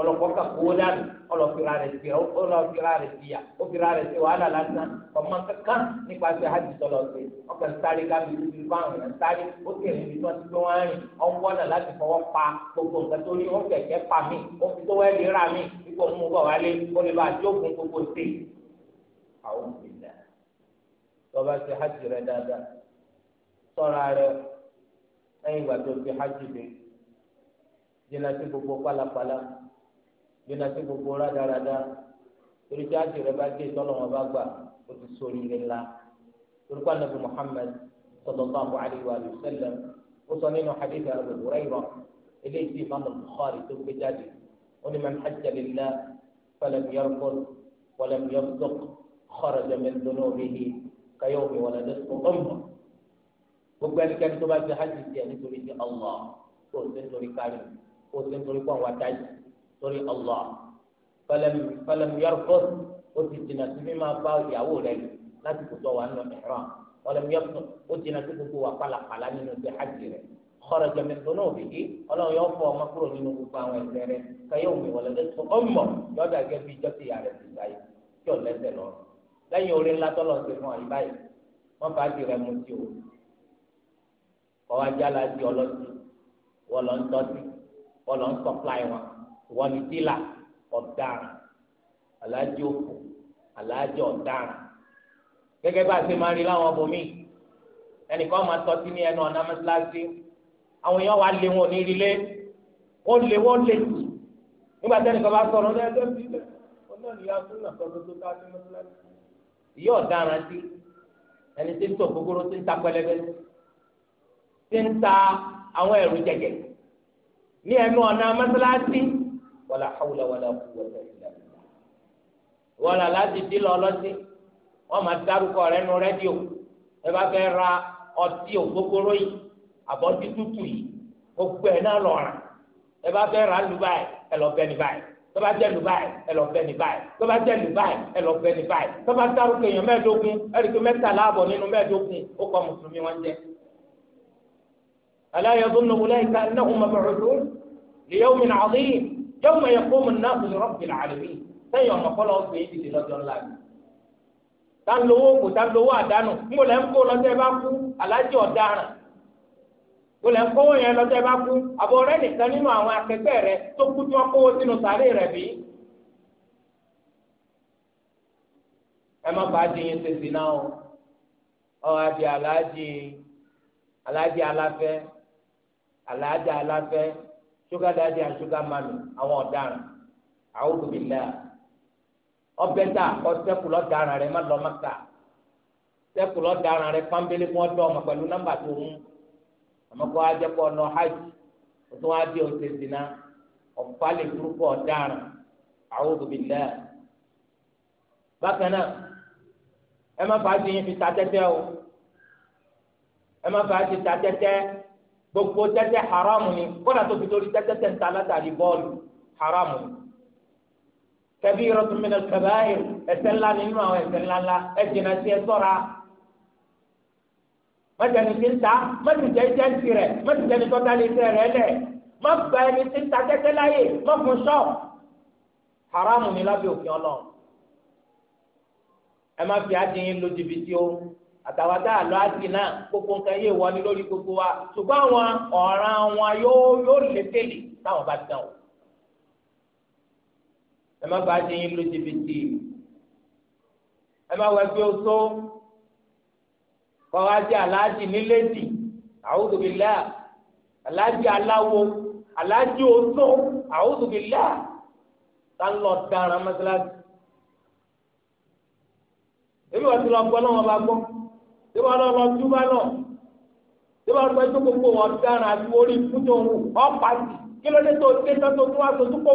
ọlọpọ kan kó dànù ọlọpìra rẹ ti ọlọpìra rẹ ti yà ọpìra rẹ ti wàhálà lásán ọmọ kankan nípa ti hajj sọlọ sí ọkàn sáré kábi ibi báwọn yẹn sáré ó tẹ̀lé ibi tí wọ́n ti gbé wọn rìn ọwọ́ náà láti fọwọ́ pa gbogbo nǹkan tó ní wọ́n kẹ̀kẹ́ pa mí wọ́n fi tó wẹ́ẹ̀lì rà mí ipò mú bọ̀ wálé ó lè bá àjókòó gbogbo sí àwọn òbílà tọ́ba ti hajj rẹ dáadáa sọ́ra rẹ lẹ́yìn ìgbà tó ti hajj gbéná sí gbogbo rádaràda torí tí àti rẹ bá gé tọ́lọ́wọ́n bá gbà ó ti sórí rẹ ńlá torúkọ anabi muhammed sallallahu alayhi wa sallam ó sọ nínú hadith abu hurayra eléyìí tí imaamu bukhari tó gbé jáde ó ní man hajja lillah falam yarfud walam yafsuq kharaja min dunubihi kayawmi waladatu umma gbogbo ẹnikẹ́ni tó bá ti hajj tiẹ̀ nítorí ti torí Allah fẹlẹmú yọrọkọ ó ti jìnnà sí mímá bá ìyàwó rẹ̀ láti kó tó wà nínú ìhram fẹlẹmú yọrọkọ ó jìnnà sí gbogbo wà pálapàla nínú ìgbé hajj rẹ̀ kọrọ jẹmẹ tó náà bìí Ọlọ́run yóò fọ ọmọ kúrò nínú gbogbo àwọn ẹ̀ṣẹ̀ rẹ̀ kẹyọ omi wọlé lẹsọ ọmọ yọdà gẹ bí ìjọ yàrá ti gbà yìí tí ò lẹsẹ lọ lẹ́yìn orí ńlá tọlọ ti fún àyíká yìí wọn bá ti rẹ mu tí o kọ wá jálá di ọlọsí wọn ń tọ́sí wọn lọ ń sọpláì wọn ìwọ ni dílà ọ̀daràn aláàjì òkú aláàjì ọ̀daràn gẹ́gẹ́ bá a ṣe máa rí láwọn ọbọmí ẹnìkan máa tọ́tí ní ẹnu ọ̀nà mọ́sálásí àwọn èèyàn wà lé wọn nírí lé wọ́n lé wọ́n lé tì nígbà tí ẹnìkan bá sọ̀rọ̀ ní ẹjọ́ bí ilẹ̀ ọ̀nà ìyá súnà tọ́tún tó ká sí mọ́sálásí ìyá ọ̀daràn sí ẹni tí ń tọ̀ gbogbo tí ń ta pẹlẹbẹ tí ń ta àwọn ẹ̀rù jẹ̀jẹ̀ ní ẹnu ọ̀nà mọ́sálásí wàlà hawla wàlà quwwata illa billah. wọ́n là láti dín lọ lọ́sí wọ́n máa dárúkọ rẹ nu rẹ́díò ẹ bá fẹ́ ra ọtí ògógóró yìí àbọ̀tí tútù yìí gbogbo ẹ̀ náà lọ́ra ẹ bá fẹ́ ra Dubai ẹ lọ bẹ́ẹ̀ ní báyìí tó bá jẹ́ Dubai ẹ lọ bẹ́ẹ̀ ní báyìí tó bá jẹ́ Dubai ẹ lọ bẹ́ẹ̀ ní báyìí tó bá dárúkọ èèyàn mẹ́ẹ̀ẹ́dógún ẹ̀ríkì mẹ́tàlá àbọ̀ nínú mẹ́ẹ̀ẹ́dógún ó kọ́ mùsùlùmí wọn jẹ́. ألا يظن أولئك أنهم مبعوثون ليوم عظيم yawma yaqumu an-nasu li rabbil alamin sẹ́yìn ọmọ kọ́lọ́ ọ̀sẹ̀ yìí dìde lọ́jọ́ ńlá mi. ta ló wó kò ta ló wó àdánù ńgbò lẹ́ ń kó lọ́tẹ́ bá kú alájì ọ̀daràn ńgbò lẹ́ ń kówó yẹn lọ́tẹ́ bá kú àbọ̀ rẹ nìkan nínú àwọn akẹgbẹ́ rẹ tó kú tí wọ́n kówó sínú sàárè rẹ̀ bí. ẹ má bàa di yín sèse náà ọ àbí alájì alájì aláfẹ́ alájì aláfẹ́ sugar dáadé and sugar mami àwọn ọ̀daràn àwọn olùbílẹ̀ ọbẹ̀ ta ọ̀sẹ̀kù lọ́daràn rẹ má lọ mọ́ta sẹ́kù lọ́daràn rẹ pàmbélé fún ọdọ ọmọ pẹ̀lú nọ́mbà tó mú àmọ́ kó ajẹ́ ọ̀nà hajj o tó wá dé ọ̀sẹ̀ zina ọ̀fàlẹ̀ burúkú ọ̀daràn àwọn olùbílẹ̀ bákan náà ẹ má ti yín fi ta tẹ́tẹ́ o ẹ má ti ta tẹ́tẹ́. gbogbo tẹ́tẹ́ haramu ni kódà tó fi torí tẹ́tẹ́ tẹ̀ ń ta látàrí bọ́ọ̀lù haramu ni. kabiratun min al-kaba'ir ẹ̀ṣẹ̀ ńlá nínú àwọn ẹ̀ṣẹ̀ ńlá ńlá ẹ jìnnà sí ẹ ṣọ́ra mẹtẹni ti ń ta mẹtẹni tẹ jẹ ti rẹ mẹtẹni tẹ ni tọ́ta lè tẹ rẹ lẹ má gba ẹni ti ń ta tẹ́tẹ́ láyè má fún sọ haramu ni lábẹ́ òfin ọlọ́run ẹ má fi adìyín lo jìbìtì o àtàwọn tá a lọ àti náà gbogbo nǹkan yé wọlé lórí gbogbo wa ṣùgbọ́n àwọn ọ̀ràn wọn yóò yóò lékele táwọn bá dàn o. ẹ má bàa ṣe yín ló jìbìtì ẹ má wọ ẹgbẹ́ oṣó kọ́ wá jẹ́ aláàjì nílẹ̀dì a'udhu billah aláàjì aláwo aláàjì oṣó a'udhu billah ká lọ dára mọ́sálásí. èmi wà sí lọ gbọ́ náà wọn bá gbọ́. síbò lọ́lọ́ ọrụ lọ síbò lọ́lọ́ tó gbogbo wọn dára àti orí fúnjọ wù ọ̀pá jì kí ló tó dé tó tó tó wá tó tó kó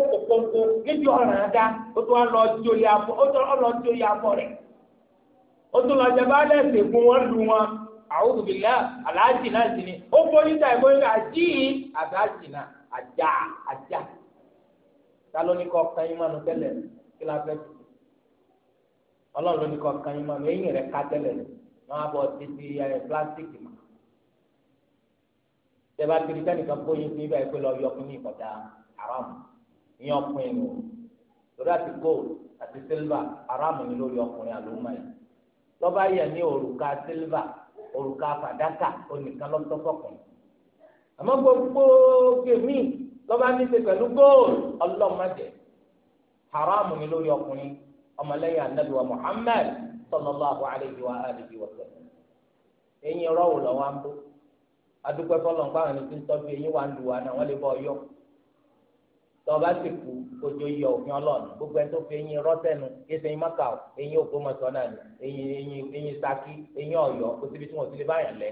tó lọ afọ tó lọ afọ tó lọ jẹba wọn lu wọn aláàjì náà ta ìbóyí wọn abọ títí ẹ plásítìkì mọ tẹbà tìrì sẹnìkan kóyin sí ibà ìpè lọ yọkùn ní ìkọjá haram ìyẹn ọkùnrin nù lórí àti gold àti silver haram ni lórí ọkùnrin àlùmọ yìí lọba yẹ ní òrùka silver òrùka fàdákà onìkan lọsọsọkùnrin àmọ́ gbogbo gèmí lọba ní ṣe pẹ̀lú gold ọlọmọdé haram ni lórí ọkùnrin ọmọlẹ́yìn anabiwa muhammed sallallahu alayhi wa alihi wa sallam eyín rọwò lọ́wọ́ ń bó adúgbò fọlọ ń báwọn ẹni tí ń tọ́jú eyín wa ń lu wa náà wọn lè bọ ọyọ tọba sì kú kojú yọ òfin Ọlọ́run gbogbo ẹni tó fi eyín rọtẹnu yéésù eyín mọkà o eyín Ògbómọ̀ṣọ́ náà ni eyín eyín eyín Ṣakí eyín Ọ̀yọ́ kò síbi tí wọn ò ti lè báyàn lẹ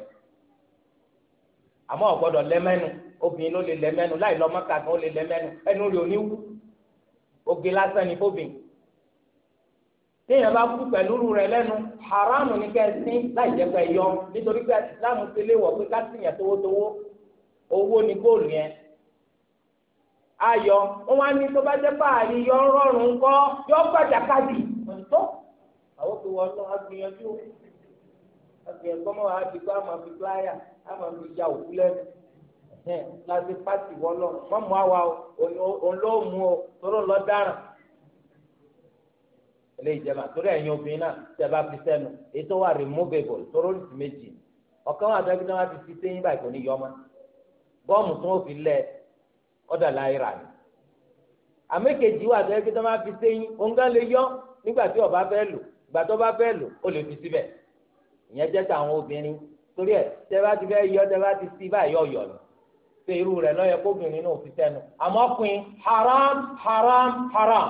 àmọ́ ọgbọ́dọ̀ lẹmẹnu obìnrin ló lè lẹmẹnu láì lọ mọkà kan ó lè lẹmẹnu ẹnu rẹ̀ ò ní wú oge lásán ni fóbìnrin téèyàn bá kú pẹ̀lú rẹ̀ lẹ́nu haramu ni ká ẹ sin láì jẹ́ pé yọ nítorí pé islam ti lé wọ̀ pé ká owó ni góòlù yẹn ayọ̀ wọn wá ní tó bá jẹ́ báyìí yọ rọrùn yọ tó àwọn tó wọ ọlọ́ agbìyànjú agbìyànjú ọmọ eléyìí jẹ́ máa torí ẹ̀yin obìnrin náà tẹ́ bá fi sẹ́nu èyí tó wà removable tóró ní ti méjì ọ̀kan wà tẹ́kí náà ti fi sẹ́yìn báyìí kò ní yọ ọmọ gọ́ọ̀mù tó fi lẹ̀ ọ̀dà láìra ni àmẹ́kejì wà tẹ́kí náà fi sẹ́yìn òǹgá lè yọ nígbà tí ọba fẹ́ lò ìgbà tó bá fẹ́ lò ó lè fi síbẹ̀ ìyẹn jẹ́ tàwọn obìnrin torí ẹ̀ tẹ́ bá ti fẹ́ yọ tẹ́ bá ti sí báyìí ọ̀yọ̀ ni ṣe irú rẹ̀ lọ́yẹ kóbìnrin náà fi sẹ́nu àmọ́ haram haram haram.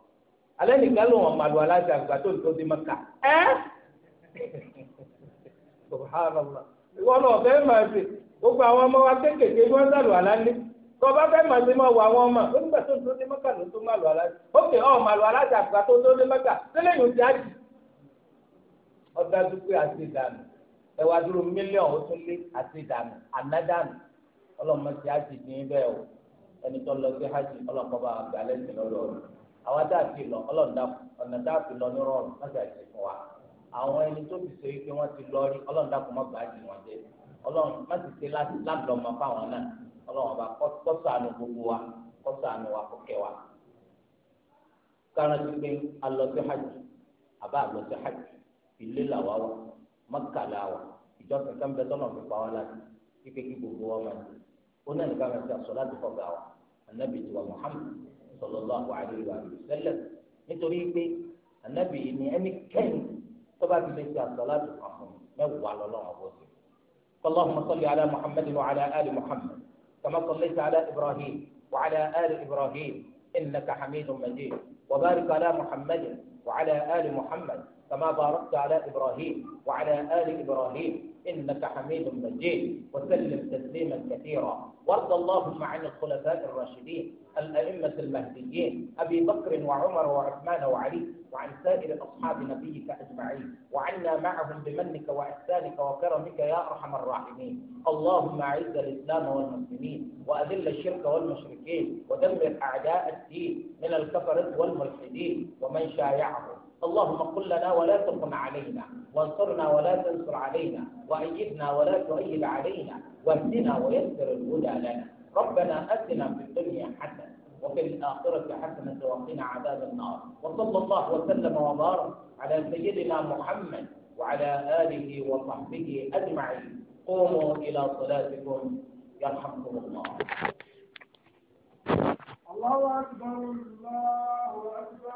alẹ́ nìkan ló wọn ala láti àgbà tó tó di maka ẹ́ subhanallah ìwọ náà fẹ́ máa ṣe gbogbo àwọn ọmọ wa wọn sàlù tó o bá fẹ́ máa ṣe máa wọ àwọn ọmọ nígbà tó tó di maka ló tó malu ókè àgbà tó tó di maka sílẹ̀ yóò àjì dúpẹ́ àti dúró ó tún lé àti ọlọ́mọ ti àjì ní bẹ́ẹ̀ o ẹni tó lọ sí bá àwọn tá a lọ ọlọ́run dàpọ̀ ọ̀nà tá a ti lọ ní rọrùn wọ́n ti àti fún wa àwọn ẹni tó sọ yìí pé wọ́n ti lọ rí ọlọ́run dàpọ̀ má bàá jì wọ́n jẹ ọlọ́run má ti ṣe ládọ̀mọ fáwọn náà ọlọ́run ọba kọ́sàánù gbogbo wa wa wa. pé hajj àbá hajj ilé làwa wa làwa صلى الله عليه وآله وسلم نتوري ànábì النبي إني ẹnikẹ́ni كن طبعا fi lè ṣe àsàlátù على الله mẹ́wàá lọ́lọ́run اللهم صل على محمد وعلى آل محمد كما صليت على إبراهيم وعلى آل إبراهيم إنك حميد مجيد وبارك على محمد وعلى آل محمد كما باركت على إبراهيم وعلى آل إبراهيم إنك حميد مجيد وسلم تسليما كثيرا وارض اللهم عن الخلفاء الراشدين الأئمة المهديين أبي بكر وعمر وعثمان وعلي وعن سائر أصحاب نبيك أجمعين وعنا معهم بمنك وإحسانك وكرمك يا أرحم الراحمين اللهم أعز الإسلام والمسلمين وأذل الشرك والمشركين ودمر أعداء الدين من الكفرة والملحدين ومن شايعهم اللهم قل لنا ولا تقم علينا وانصرنا ولا تنصر علينا وأيدنا ولا تؤيد علينا واهدنا ويسر الهدى لنا ربنا أتنا في الدنيا حسنة وفي الآخرة حسنة وقنا عذاب النار وصلى الله وسلم وبارك على سيدنا محمد وعلى آله وصحبه أجمعين قوموا إلى صلاتكم يرحمكم الله الله أكبر الله أكبر